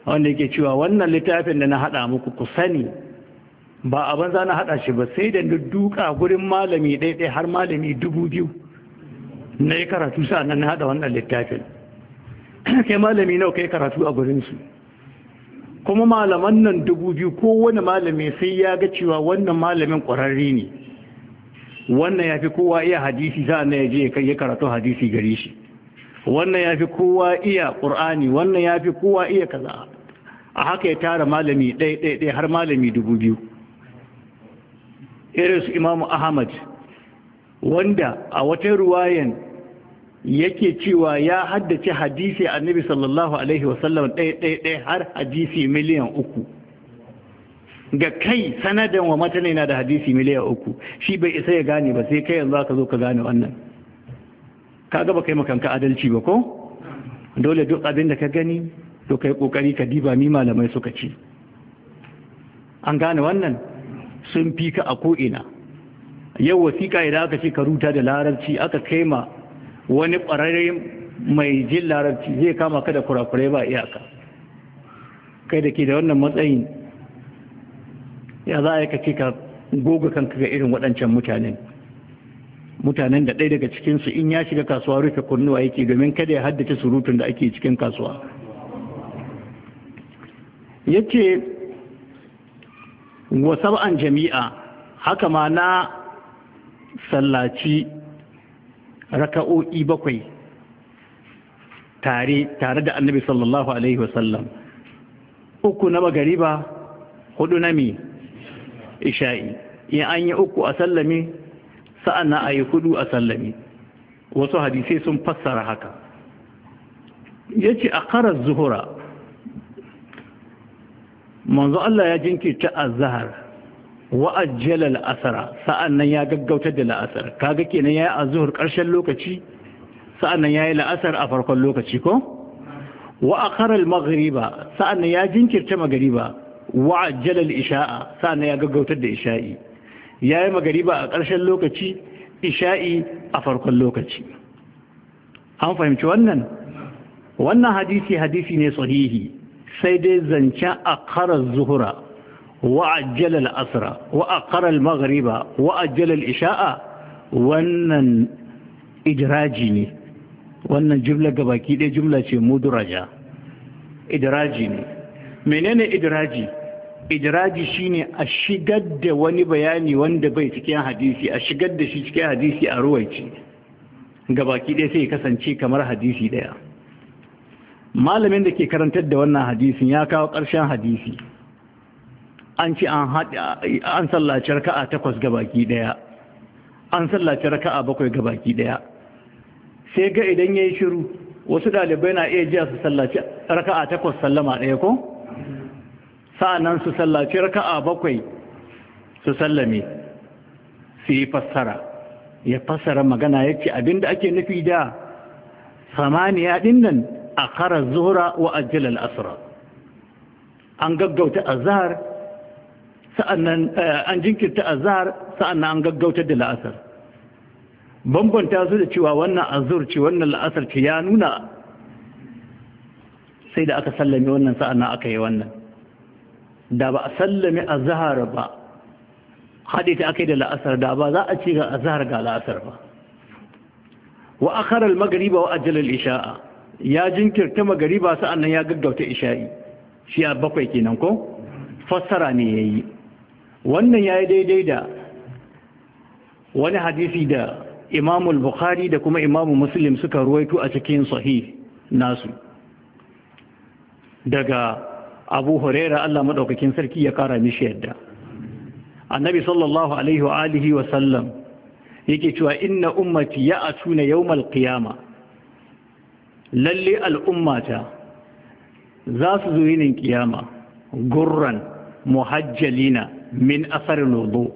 wanda yake cewa wannan littafin da na haɗa muku ku sani ba a banza na haɗa shi ba sai da duka gurin malami ɗaiɗai har malami dubu biyu na yi karatu sa'an na haɗa wannan littafin *clears throat* kai malami nawa kai karatu a gurinsu kuma malaman nan dubu biyu kowane malami sai ya ga cewa wannan malamin ƙwararre ne wannan ya fi kowa iya hadisi za na yaje ya karatu hadisi gare shi wannan ya fi kowa iya ƙur'ani wannan ya fi kowa iya kaza a haka ya tara malami ɗaya-ɗaya har malami dubu biyu irin su imamu ahmad wanda a wata ruwayan yake cewa ya haddace hadisi annabi sallallahu alaihi wasallam ɗaya-ɗaya har hadisi miliyan uku ga kai sanadin wa ne na da hadisi miliyan uku shi bai isa ya gane ba sai kai yanzu aka zo ka gane wannan ka gaba kai makanka adalci ba ko dole duk abin da ka gani to kai kokari ka diba mi malamai suka ci an gane wannan sun fi ka a ko'ina yau wasiƙa idan aka ce ka ruta da larabci aka kai ma wani ƙwararre mai jin larabci zai kama ka da kurakurai ba iyaka kai da ke da wannan matsayin ya za a yi kake ka goga kanka ga irin waɗancan mutanen mutanen da ɗaya daga cikinsu in ya shiga kasuwa rufe kunnuwa yake domin kada ya haddace surutun da ake cikin kasuwa ya ce wasab'an jami'a haka ma na sallaci raka'o'i bakwai tare tare da annabi sallallahu alaihi wasallam uku na magariba hudu na mi isha'i in an yi uku a sallame sa'an na a yi hudu a sallame wasu hadisai sun fassara haka ya ce a karar zuhura manzo Allah ya jinkirta a zahar wa la'asara sa'an nan ya gaggauta da la'asar kaga kenan yayi azhur ƙarshen lokaci sa'an ya yayi la'asar a farkon lokaci ko wa magariba al-maghriba ya jinkirta magriba wa isha'a al-isha'a ya gaggauta da isha'i yayi magriba a ƙarshen lokaci isha'i a farkon lokaci an fahimci wannan wannan hadisi hadisi ne sahihi sai dai zancen karar zuhura وعجل الأسرى karar المغرب وأجل Isha'a, wannan idiraji ne wannan jumla gabaki ɗaya jumla ce muduraja idiraji ne menene idiraji idiraji shine a shigar da wani bayani wanda bai cikin hadisi a shigar da shi cikin hadisi a ruwaici gabaki ɗaya sai kasance kamar hadisi ɗaya malamin da ke karantar da wannan hadisin ya kawo ƙarshen hadisi an ci an sallaci raka'a takwas ga baki daya an sallaci raka'a bakwai ga baki daya sai ga idan yayi shiru wasu dalibai na iya jiya su sallaci raka'a takwas sallama daya ko sa'annan su sallaci raka'a bakwai su sallame su yi fassara ya fassara magana ya ce abinda ake nufi da samaniya dinnan a kara zuhura wa ajiyar al an gaggauta azhar sa'annan eh, an jinkirta azhar sa'annan an gaggautar da la'asar bambanta su da cewa wannan azhar ce wannan la'asar ce ya nuna sai da aka sallame wannan sa'annan aka yi wannan da ba a sallame azhar ba haɗe ta aka yi da la'asar da ba za a ce ga azhar ga la'asar ba wa akhar al maghrib wa ajal al-isha'a ya jinkirta maghriba sa'annan ya gaggauta isha'i shi a bakwai kenan ko fassara ne yayi wannan ya yi daidai da wani hadisi da imamul bukhari da kuma imamu muslim suka ruwaito a cikin sahih nasu daga abu huraira allah maɗaukakin sarki ya ƙara mishi yadda annabi sallallahu alaihi wa alihi wa sallam yake cewa inna ummati ya a tuna yawmal qiyama lalle al'ummata za su zo yinin kiyama gurran muhajjalina min asar lobo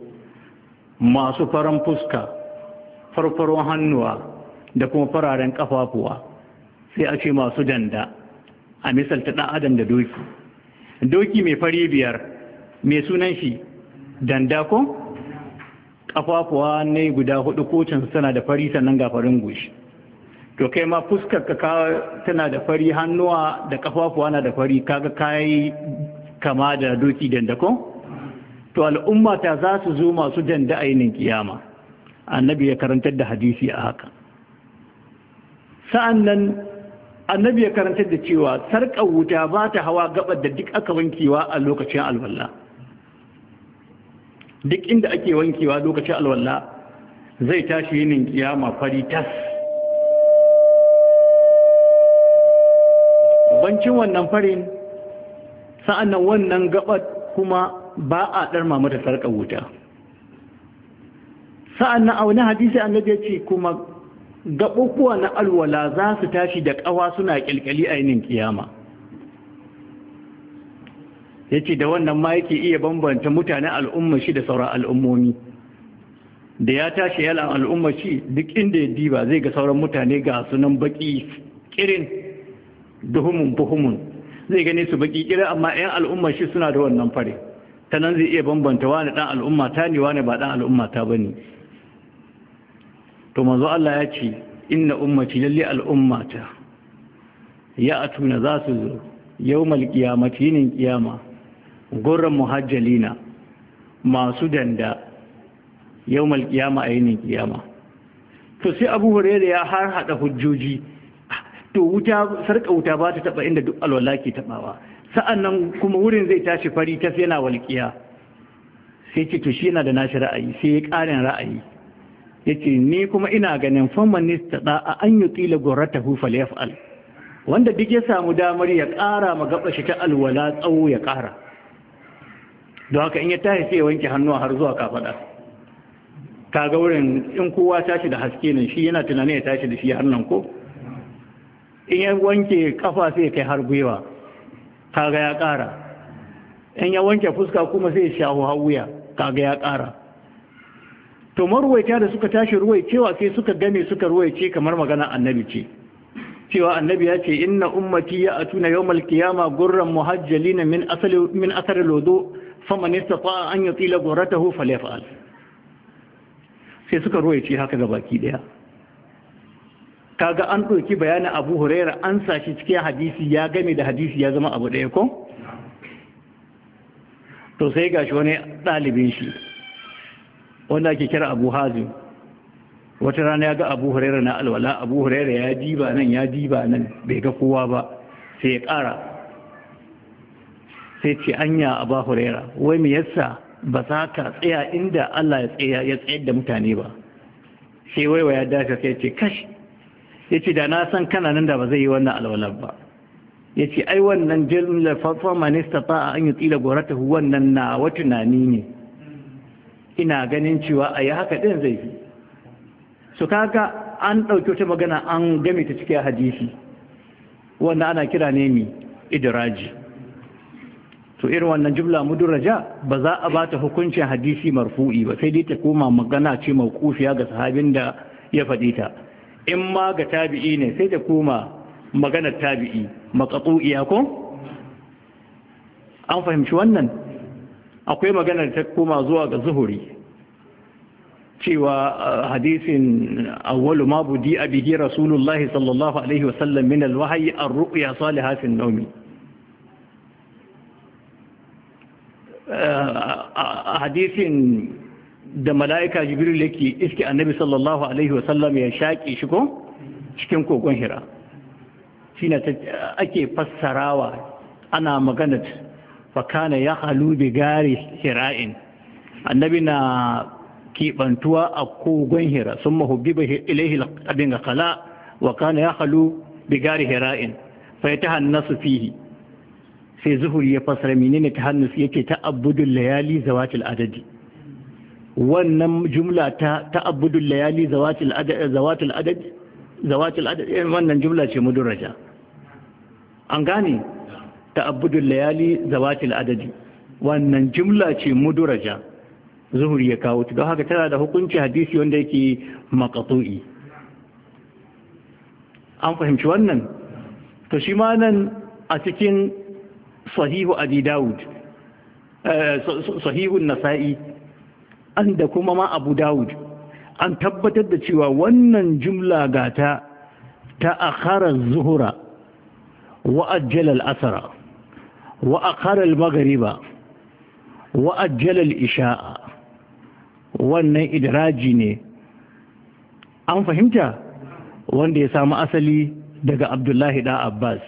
masu faran fuska farfaron hannuwa da kuma fararen kafafuwa sai a ce masu danda a misalta ɗan adam da doki doki mai fari biyar mai sunan shi danda ko kafafuwa ne guda hudu kocin tana da fari sannan ga farin goshi to kai ma fuskar ka tana da fari hannuwa da kafafuwa na da fari kaga kayi kama da doki danda ko to al'umma ta za su zo masu jan da ainin kiyama annabi ya karantar da hadisi a haka sa'annan annabi ya karantar da cewa sarƙar wuta ba ta hawa gabar da duk aka wankewa a lokacin alwallah duk inda ake wankewa lokacin alwallah zai tashi yinin kiyama fari tas bancin wannan farin sa'annan wannan gabar kuma ba a ɗarma mata sarƙa wuta sa'an na a wani hadisi annabi ya ce kuma gaɓuɓuwa na alwala za su tashi da ƙawa suna a ainihin kiyama ya ce da wannan ma yake iya bambanta mutane al'umma shi da sauran al'ummomi da ya tashi yalan al'umma shi duk inda ya diba zai ga sauran mutane ga sunan baƙi ƙirin duhumun buhumun zai gane su baki kira amma 'yan al'umma shi suna da wannan fare ta nan zai iya bambanta wani ɗan al'umma ta ne wani ba ɗan al'umma ta ba ne to manzo Allah ya ce inna ummati lalle al'ummata ta ya atuna za su zo yawmal qiyamati yinin qiyama gurran muhajjalina masu danda yawmal qiyama ayinin qiyama to sai Abu Hurairah ya har hada hujjoji to wuta sarka wuta ba ta taba inda duk alwala ke tabawa nan kuma wurin zai tashi fari ta yana walƙiya sai ce to shi yana da nashi ra'ayi sai ya ƙarin ra'ayi yace ni kuma ina ganin famman nistada a an yutila gurratahu al wanda duk ya samu damar ya ƙara magaba shi ta alwala tsawo ya ƙara don haka in ya tashi sai ya wanke hannuwa har zuwa kafada kaga wurin in kowa tashi da haske nan shi yana tunanin ya tashi da shi har nan ko in ya wanke kafa sai kai har gwiwa kaga ya kara, in ya wanke fuska kuma sai shahu hawuya kaga ya kara. to marwaita da suka tashi cewa sai suka gane suka ce kamar magana annabi ce cewa annabi ya ce inna ummati ya atuna yawmal qiyama gurran muhajjalin min asali min asari lodo faman istata an yutila gurratahu falyaf'al sai suka ruwaice haka ga baki daya kaga an ɗauki bayanin abu huraira an sashi cikin hadisi ya game da hadisi ya zama abu ɗaya ko to sai gashi wani ɗalibin shi wanda ake kira abu hazim wata rana ya ga abu huraira na alwala abu huraira ya diba nan ya diba nan bai ga kowa ba sai ya ƙara sai ce anya abu huraira wai me yasa ba za ka tsaya inda Allah ya tsayar da mutane ba sai waiwa ya dace sai ce kashi ya ce da na san kana nan da ba zai yi wannan alwalar ba ya ce ai wannan jimlar farfar manista ta an yi tsila gorata wannan na wa tunani ne ina ganin cewa a yi haka ɗin zai fi su kaka an ɗauki wata magana an game ta cikin hadisi wanda ana kira ne mi idiraji to irin wannan jumla mudurraja ba za a bata hukuncin hadisi marfu'i ba sai dai ta koma magana ce kufiya ga sahabin da ya faɗi ta in ma ga tabi'i ne sai ta koma maganar tabi'i maƙaƙu'iya ko an fahimci wannan akwai maganar ta koma zuwa ga zuhuri cewa uh, hadisin awwalu ma budi abihi rasulullah sallallahu alaihi wasallam min alwahyi ar-ru'ya salihatin nawmi uh, uh, hadisin da mala'ika jibril ke iske annabi sallallahu alaihi wasallam ya shaƙe shi ko cikin kogon hira shi na ake fassarawa ana maganat fakana ya halu bi gari hira'in annabi na keɓantuwa a kogon hira sun ba ilaihi abin ga kala wa kana ya halu bi gari hira'in ta ya tahannasu fihi sai zuhuri ya fassara menene su yake ta abudun layali zawatil adadi wannan jumla ta ta'abbudul layali zawatul adad zawatil adad zawatil adad eh, wannan jumla ce mudurraja an gane ta'abbudul layali zawatul adadi wannan jumla ce mudurraja zuhuri ya kawo ta haka tana da hukunci hadisi wanda yake maqtu'i an fahimci wannan to shi ma nan a cikin sahihu abi daud eh, sahihu nasa'i an da kuma ma abu dawud an tabbatar da cewa wannan jumla gata ta akharar zuhura wa ajjalal asara wa akharar magariba wa isha'a wannan idraji ne an fahimta wanda ya samu asali daga abdullahi da abbas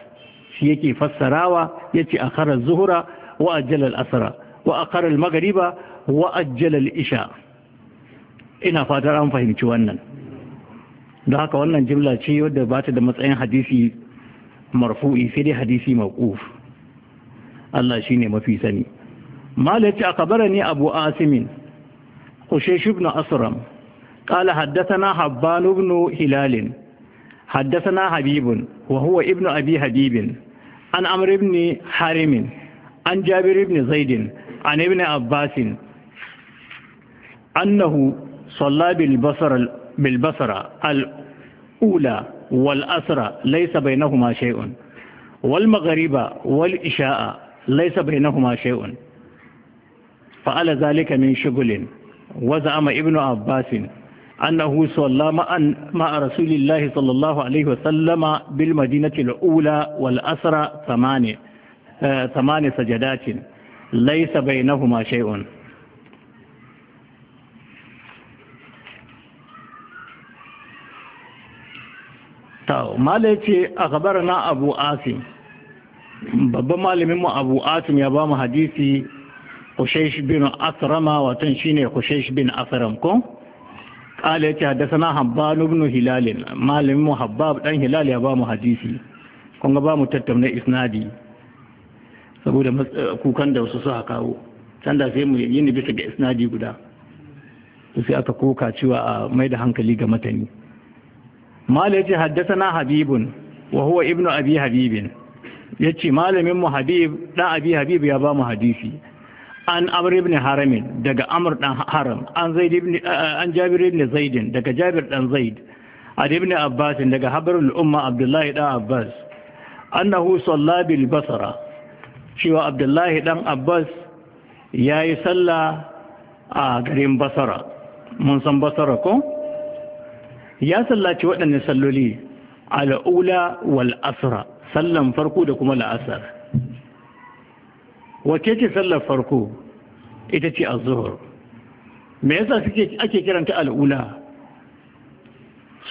shi yake fassarawa ya ce zuhura wa ajjalal asara wa magariba wa’ajjalar isha ina fatar an fahimci wannan don haka wannan jimla ce wadda ba ta da matsayin hadisi marfu'i sai da hadisi maƙuf Allah shi ne mafi sani malaci a ne abu asimin ƙushe na asiram ƙala haddasana habbanu ibnu hilalin haddasana habibin wa huwa ibnu abi habibin an amur ibni harimin an jabir ibni zaidin an ibni abbasin أنه صلى بالبصر بالبصرة الأولى والأسرة ليس بينهما شيء والمغرب والإشاء ليس بينهما شيء فعل ذلك من شغل وزعم ابن عباس أنه صلى مع رسول الله صلى الله عليه وسلم بالمدينة الأولى والأسرة ثمان آه، ثمان سجدات ليس بينهما شيء mala ya ce a gabar na abu asim babban malaminmu abu asim ya ba mu hadisi kushesh bin asirama watan shine kushesh bin asram ko kala na na habban ibn hilal malaminmu habbab ɗan hilal ya ba mu hadisi kun ga ba mu tattauna isnadi saboda kukan da wasu suka kawo can sai mu yi ni bisa ga isnadi guda sai aka koka cewa a mai da hankali ga matani mala yace haddathana habibun wa huwa ibnu abi habibin yace malamin mu habib dan abi habib ya bamu mu hadisi an amr ibn haram daga amr haram an zaid ibn eh, an jabir ibn zaid daga jabir dan zaid ad ibn abbas daga habrul umma abdullahi dan abbas annahu salla bil basra cewa abdullahi dan abbas ya yi sallah a garin basra mun san basra ko ya sallaci waɗannan salloli al'ula wal asra sallan farko da kuma la'asar wace ce sallar farko ita ce a zuhur. me yasa suke ake kiranta al'ula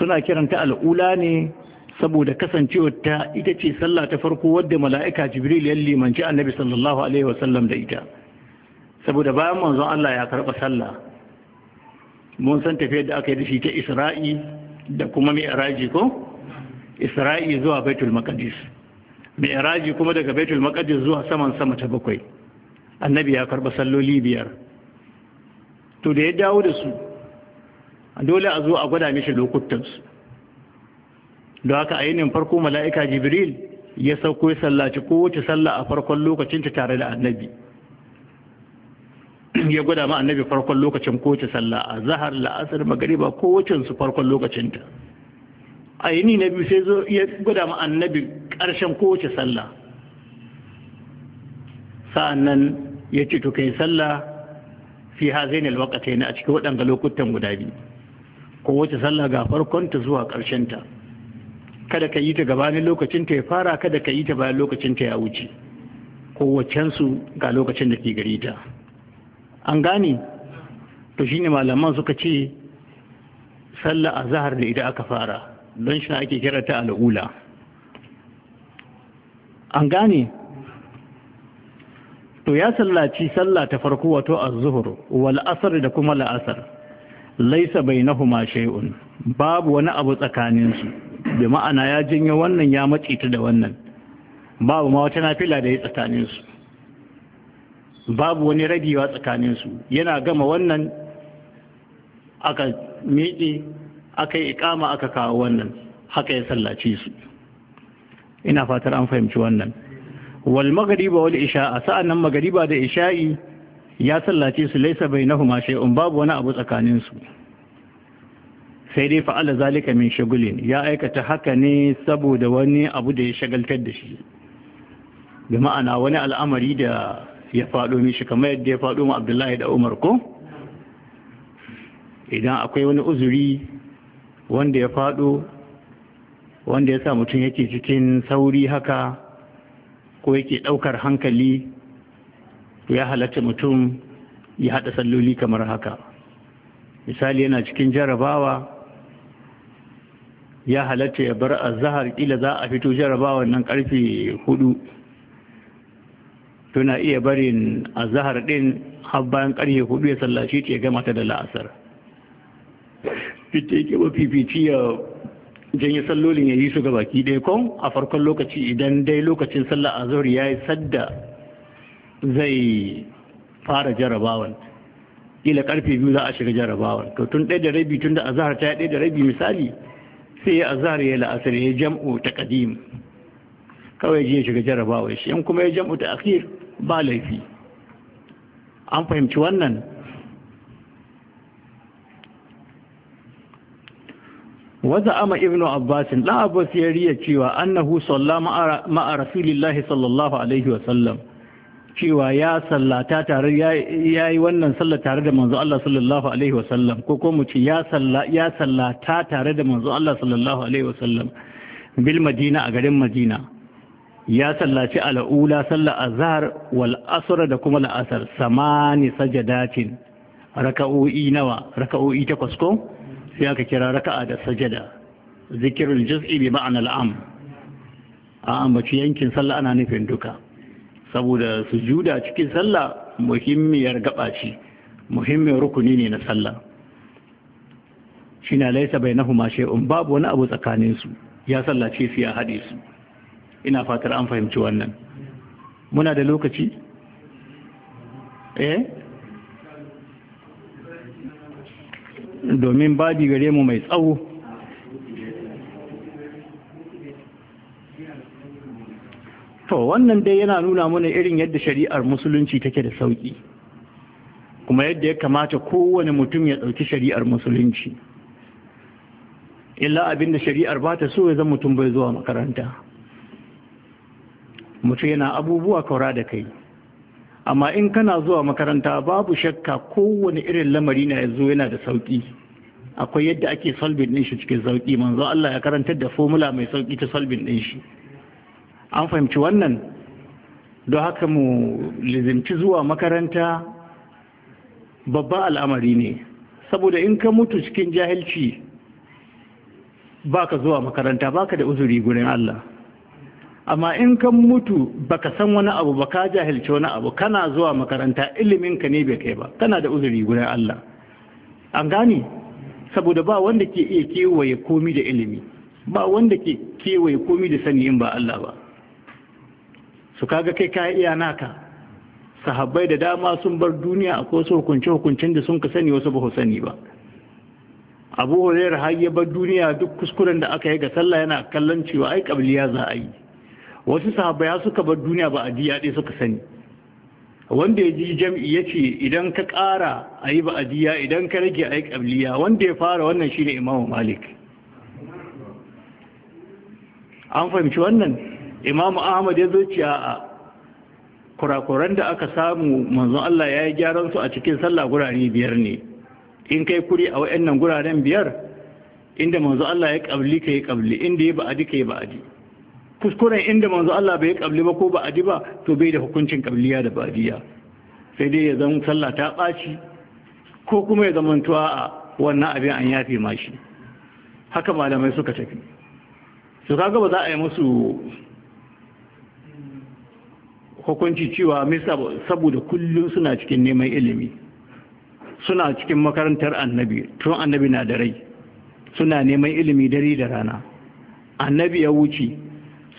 suna kiranta al'ula ne saboda kasancewar ta ita ce salla ta farko wadda mala'ika jibril ya limanci annabi sallallahu alaihi wasallam da ita saboda bayan manzon Allah ya karɓa sallah mun san tafiyar da aka yi da shi ta isra'i da kuma mi'raji ko isra'i zuwa baitul maqdis mi'raji kuma daga baitul maqdis zuwa saman sama ta bakwai annabi ya karba salloli biyar to da ya dawo da su dole a zo a gwada mishi lokutansu da haka a yinin farko mala'ika jibril ya sauko ya sallaci kowace sallah a farkon lokacinta tare da annabi ya gwada ma annabi farkon lokacin kowace sallah a zahar la'asar magariba kowacin su farkon lokacinta a yini na biyu sai zo ya gwada ma annabi ƙarshen kowace sallah sa'annan ya ce to kai sallah fi hazain alwaqatayn a cikin waɗanda lokutan guda biyu kowace sallah ga farkon ta zuwa ƙarshen ta kada ka yi ta gabanin lokacin ta ya fara kada ka yi ta bayan lokacin ta ya wuce kowacensu ga lokacin da ke gari ta an gane to shine malaman suka ce sallah zahar da idan aka fara don shi ake kira ta al'ula an gane to ya sallaci sallah ta farko wato az zuhur wal asr da kuma la'asar laisa bai bainahuma shay'un babu wani abu tsakaninsu su bi ma'ana ya janyo wannan ya matsita da wannan babu ma wata nafila da ya tsakanin su babu wani rabewa tsakaninsu yana gama wannan aka miƙe aka yi ikama aka kawo wannan haka ya sallace su ina fatar an fahimci wannan wal magariba wal isha'a sa'annan magariba da isha'i ya sallace su laisa ma shay'un babu wani abu tsakanin su sai dai fa'ala zalika min shagulin ya aikata haka ne saboda wani abu da ya shagaltar da shi bi ma'ana wani al'amari da ya faɗo mishi kamar yadda ya faɗo ma abdullahi da umar ko idan akwai wani uzuri wanda ya faɗo wanda ya sa mutum yake cikin sauri haka ko yake ɗaukar hankali to ya halatta mutum ya haɗa salloli kamar haka misali yana cikin jarabawa ya halatta ya bar a zahar ƙila za a fito jarabawa nan ƙarfe hudu tuna iya barin azahar din har bayan karye hudu ya sallaci ce gama ta da la'asar ita yake mafifici ya janye sallolin ya yi su ki ɗaya kon a farkon lokaci idan dai lokacin sallar azhar ya yi sadda zai fara jarabawan kila karfe biyu za a shiga jarabawan to tun ɗaya da rabi tun da azahar ta ɗaya da rabi misali sai ya azhar ya la'asar ya jam'u ta kadim kawai ya shiga jarabawa shi in kuma ya jam'u ta akhir ba laifi an fahimci wannan waza ama Ibnu abbasin ɗan abbas ya riya cewa annahu salla ma'a rasulillahi sallallahu alaihi wasallam cewa ya sallata tare ya yi wannan sallah tare da manzo Allah sallallahu alaihi wasallam ko ko mu ce ya sallata tare da manzo Allah sallallahu alaihi wasallam bil madina a garin madina ya sallaci al'ula sallar azhar wal asr da kuma la'asar samani sajadatin raka'o'i nawa raka'o'i takwas ko sai aka kira raka'a da sajada Zikirin juz'i bi ma'ana al'am a ambaci yankin sallah ana nufin duka saboda sujuda cikin sallah muhimmiyar gaba ce muhimmin rukuni ne na sallah shine laysa bainahuma un, babu wani abu tsakaninsu ya sallace su ya haɗe su ina fatar an fahimci wannan muna da lokaci eh domin babi gare mu mai tsawo to wannan dai yana nuna mana irin yadda shari'ar musulunci take da sauki kuma yadda ya kamata kowane mutum ya ɗauki shari'ar musulunci illa abinda shari'ar ba ta so ya zama mutum bai zuwa makaranta mutu yana abubuwa kaura da kai amma in kana zuwa makaranta babu shakka kowane irin lamari na yanzu yana da sauƙi. akwai yadda ake salbin din shi cikin sauki manzo Allah ya karantar da formula mai sauki ta salbin din shi an fahimci wannan don haka mu lizimci zuwa makaranta babba al'amari ne saboda in ka mutu cikin jahilci baka zuwa makaranta baka da uzuri gurin Allah amma in kan mutu baka san wani abu ba ka jahilci wani abu kana zuwa makaranta ilimin ka ne bai kai ba kana da uzuri gurin Allah an gane saboda ba wanda ke iya kewaye komi da ilimi ba wanda ke kewaye komi da sani in ba Allah ba su kaga kai ka iya naka sahabbai da dama sun bar duniya ko wasu hukunce hukuncin da sun ka sani wasu ba sani ba abu hurairar har ya bar duniya duk kuskuren da aka yi ga sallah yana kallon cewa ai kabliya za a yi wasu ya suka bar duniya ba adiya ɗaya suka sani wanda ya ji jam'i ya ce idan ka ƙara a yi ba'adiyya idan ka rage a yi ƙabliya wanda ya fara wannan shi ne imamu malik an fahimci wannan imamu ahmad ya zoci a kurakuran da aka samu manzon Allah ya yi gyaran su a cikin sallah gurare biyar ne in kai kuri a wayannan guraren biyar inda manzon Allah ya kabli ka yi inda ya ba'adi ka yi ba'adi kuskuren inda manzo Allah bai kabli ba ko ba adi ba to bai da hukuncin kabliya da badiya sai dai ya zama sallah ta ɓaci ko kuma ya zama tuwa a wannan abin an yafe mashi haka malamai suka tafi su kaga ba za a yi musu hukunci cewa misa saboda kullum suna cikin neman ilimi suna cikin makarantar annabi tun annabi na da rai suna neman ilimi dare da rana annabi ya wuce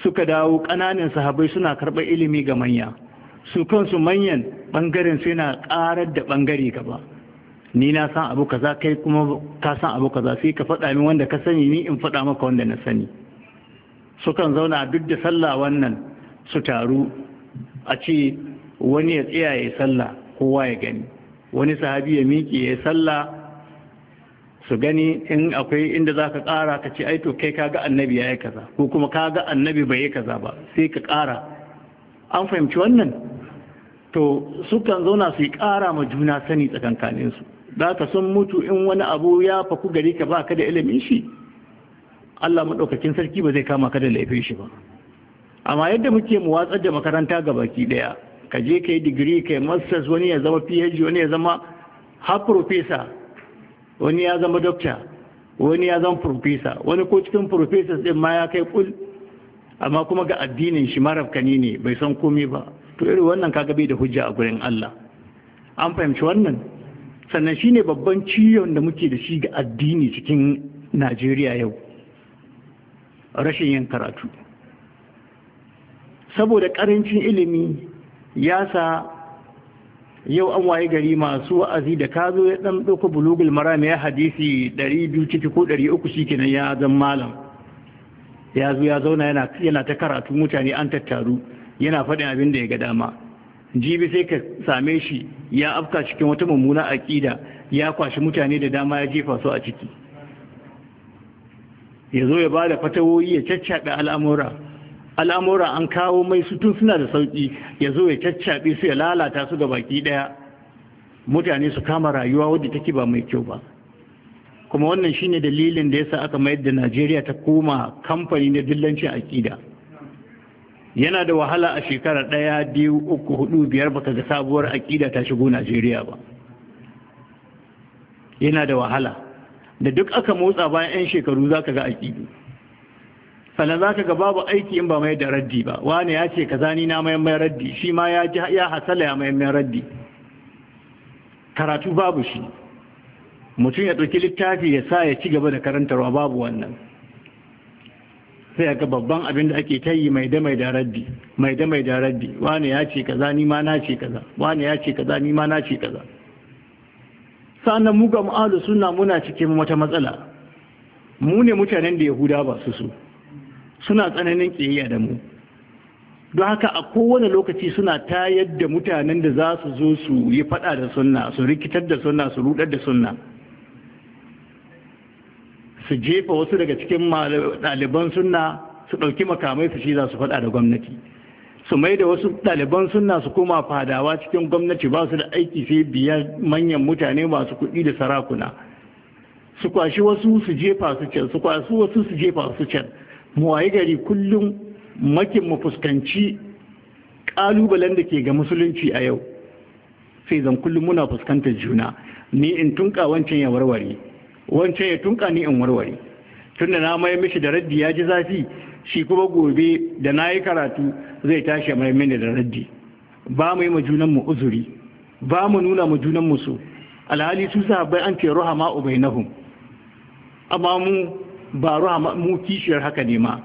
suka dawo ƙananan sahabai suna karɓar ilimi ga manya su kansu manyan ɓangaren su yana ƙarar da ɓangare gaba ni na san abu kaza kai kuma ka san abu kaza sai ka faɗa min wanda ka sani ni in faɗa maka wanda na sani sukan zauna duk da sallah wannan su taru a ce wani ya tsaya ya yi sallah kowa ya gani wani sahabi ya miƙe ya yi sallah su gani in akwai inda za ka ƙara ka ce aito kai ka ga annabi ya yi kaza ko kuma ka ga annabi bai yi kaza ba sai ka ƙara an fahimci wannan to sukan zauna su yi ƙara ma juna sani tsakankaninsu za ka sun mutu in wani abu ya faku gari ka ba ka da ilimin shi Allah maɗaukakin sarki ba zai kama ka da laifin shi ba amma yadda muke mu watsar da makaranta ga baki ɗaya ka je ka yi digiri ka yi masters wani ya zama phd wani ya zama har professor wani ya zama dokta wani ya zama profesa wani ko cikin profesa din ma ya kai kul amma kuma ga addinin shi marafkani ne bai san komai ba to irin wannan kaga bai da hujja a gurin Allah an fahimci wannan sannan shine babban ciyon da muke da shi ga addini cikin Najeriya yau rashin yin karatu saboda karancin ilimi ya sa yau an waye gari masu wa'azi da ka zo ya ɗan ɗauka bulugul maram ya hadisi ɗari biyu ciki ko ɗari uku shi kenan ya zan malam ya zo ya zauna yana ta karatu mutane an tattaru yana faɗin abin da ya ga dama jibi sai ka same shi ya afka cikin wata mummuna aƙida ya kwashi mutane da dama ya jefa su a ciki ya zo ya ba da fatawoyi ya caccaɗa al'amura al'amura an kawo mai su tun suna da sauƙi ya zo ya caccaɓe su ya lalata su ga baki ɗaya mutane su kama rayuwa wadda take ba mai kyau ba kuma wannan shine dalilin da yasa aka mayar da najeriya ta koma kamfani na dillancin aƙida yana da wahala a shekara ɗaya biyu uku hudu biyar baka ga sabuwar aƙida ta shigo najeriya ba yana da wahala da duk aka motsa bayan 'yan shekaru za ka ga aƙidu sannan za ka ga babu aiki in ba mai da raddi ba wani ya ce ka zani na mayan mai raddi shi ma ya ji ya hasala ya mayan mai raddi karatu babu shi mutum ya ɗauki littafi ya sa ya ci gaba da karantarwa babu wannan sai ga babban abin da ake ta yi mai da mai da raddi mai da mai da raddi wani ya ce kaza ni ma na ce kaza wani ya ce kaza ni ma na ce kaza sannan mu ga mu'alu suna muna cikin wata matsala mu ne mutanen da yahuda ba su su suna tsananin ƙiyayya da mu don haka a kowane lokaci suna tayar da mutanen da za su zo su yi fada da sunna su rikitar da sunna su rudar da sunna su jefa wasu daga cikin ɗaliban sunna su ɗauki makamai su shi za su fada da gwamnati su mai da wasu ɗaliban sunna su koma fadawa cikin gwamnati ba su da aiki sai biyar manyan mutane masu kuɗi da sarakuna su kwashi wasu su jefa su can su kwashi wasu su jefa su can mu waye gari kullum makin mu fuskanci ƙalubalen da ke ga musulunci a yau sai zan kullum muna fuskantar juna ni in tunka wancan ya warware wancan ya tunka ni in warware da na mai mishi da raddi ya ji zafi shi kuma gobe da na yi karatu zai tashi mai mini da raddi ba mu yi ma junanmu uzuri ba mu nuna ma junanmu su alhali su sahabbai an ce ruhama ubainahum amma mu ba ruwa mu kishiyar haka ne ma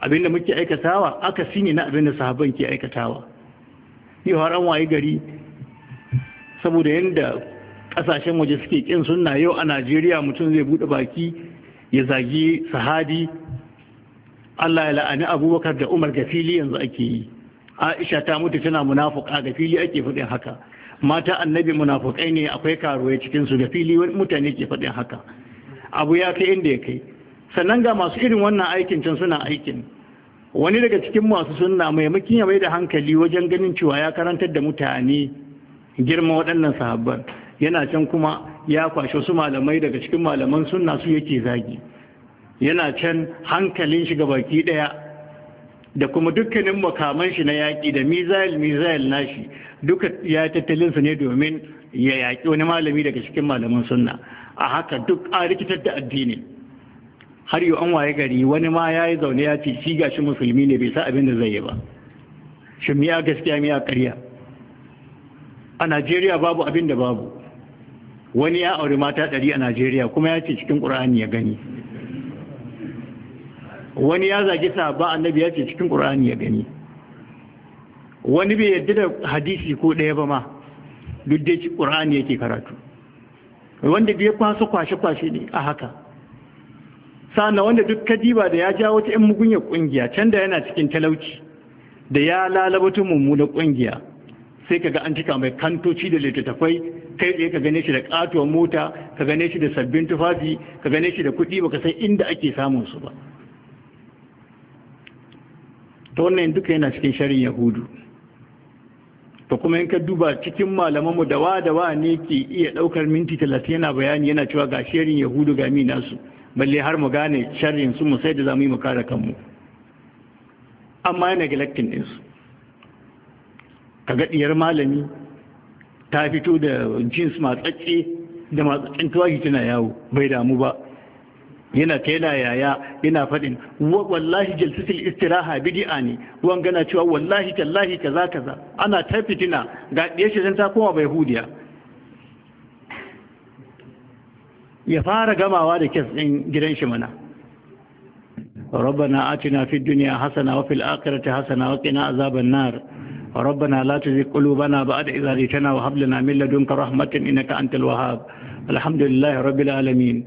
abinda muke aikatawa aka ne na abinda sahabban ke aikatawa ni har an waye gari saboda yadda kasashen waje suke kin sunna yau a Najeriya mutum zai bude baki ya zagi sahadi Allah ya la'ani Abubakar da Umar ga fili yanzu ake yi Aisha ta mutu tana munafuka ga fili ake faɗin haka mata annabi munafukai ne akwai karuwai cikinsu su ga fili mutane ke faɗin haka abu ya kai inda ya kai sannan ga masu irin wannan aikin can suna aikin wani daga cikin masu sunna mai maimakin ya mai da hankali wajen ganin cewa ya karantar da mutane girma waɗannan sahabban yana can kuma ya kwashe su malamai daga cikin malaman sunna su yake zagi yana can hankalin shi baki ɗaya da kuma dukkanin makaman shi na yaƙi da mizayil mizayil nashi duka ya su ne domin ya yaƙi wani malami daga cikin malaman sunna a haka duk an rikitar da addini har yi an waye gari wani ma ya yi zaune ya ce shi gashi musulmi ne bai sa abin da zai yi ba shi miya gaskiya miya karya? a najeriya babu abin da babu wani ya auri mata ɗari a najeriya kuma ya ce cikin ƙura'ani ya gani wani ya zagi ba annabi ya ce cikin ƙura'ani ya gani wani bai yarda da hadisi ko ɗaya ba ma duk dai ƙura'ani yake karatu wanda da ya kwaso kwashe-kwashe ne a haka sa'annan wanda duk kadiba da ya ja wata 'yan mugunyar ƙungiya, can da yana cikin talauci da ya lalabata mummunar ƙungiya, sai ka ga an cika mai kantoci da littattafai kai tsaye ka gane shi da katuwar mota ka gane shi da sabbin tufafi ka gane shi da kuɗi baka san inda ake samun su ba ta wannan duka yana cikin shirin yahudu to kuma in ka duba cikin malamanmu da wa da wa ne ke iya ɗaukar minti talatin yana bayani yana cewa ga shirin yahudu ga nasu balle har mu gane sharrin su mu sai da zamu yi mu kare kanmu amma yana galaktin ɗinsu ka ga ɗiyar malami ta fito da jeans matsatse da matsatsen tawagi tana yawo bai damu ba yana ta yana yaya yana faɗin wallahi jalsisil istiraha bidi'a ne ruwan gana cewa wallahi tallahi ka za ka ana ta fitina ga ɗaya shi ta koma bai hudiya ya fara gamawa da kyas ɗin gidan shi mana rabba na fi duniya hasana wa fil akirata hasana wa ƙina a zaben nar rabba na lati zai ƙulu bana ba a da izari tana wa hablina milla dunka rahmatin ina ka an talwahab alhamdulillah rabbi la'alamin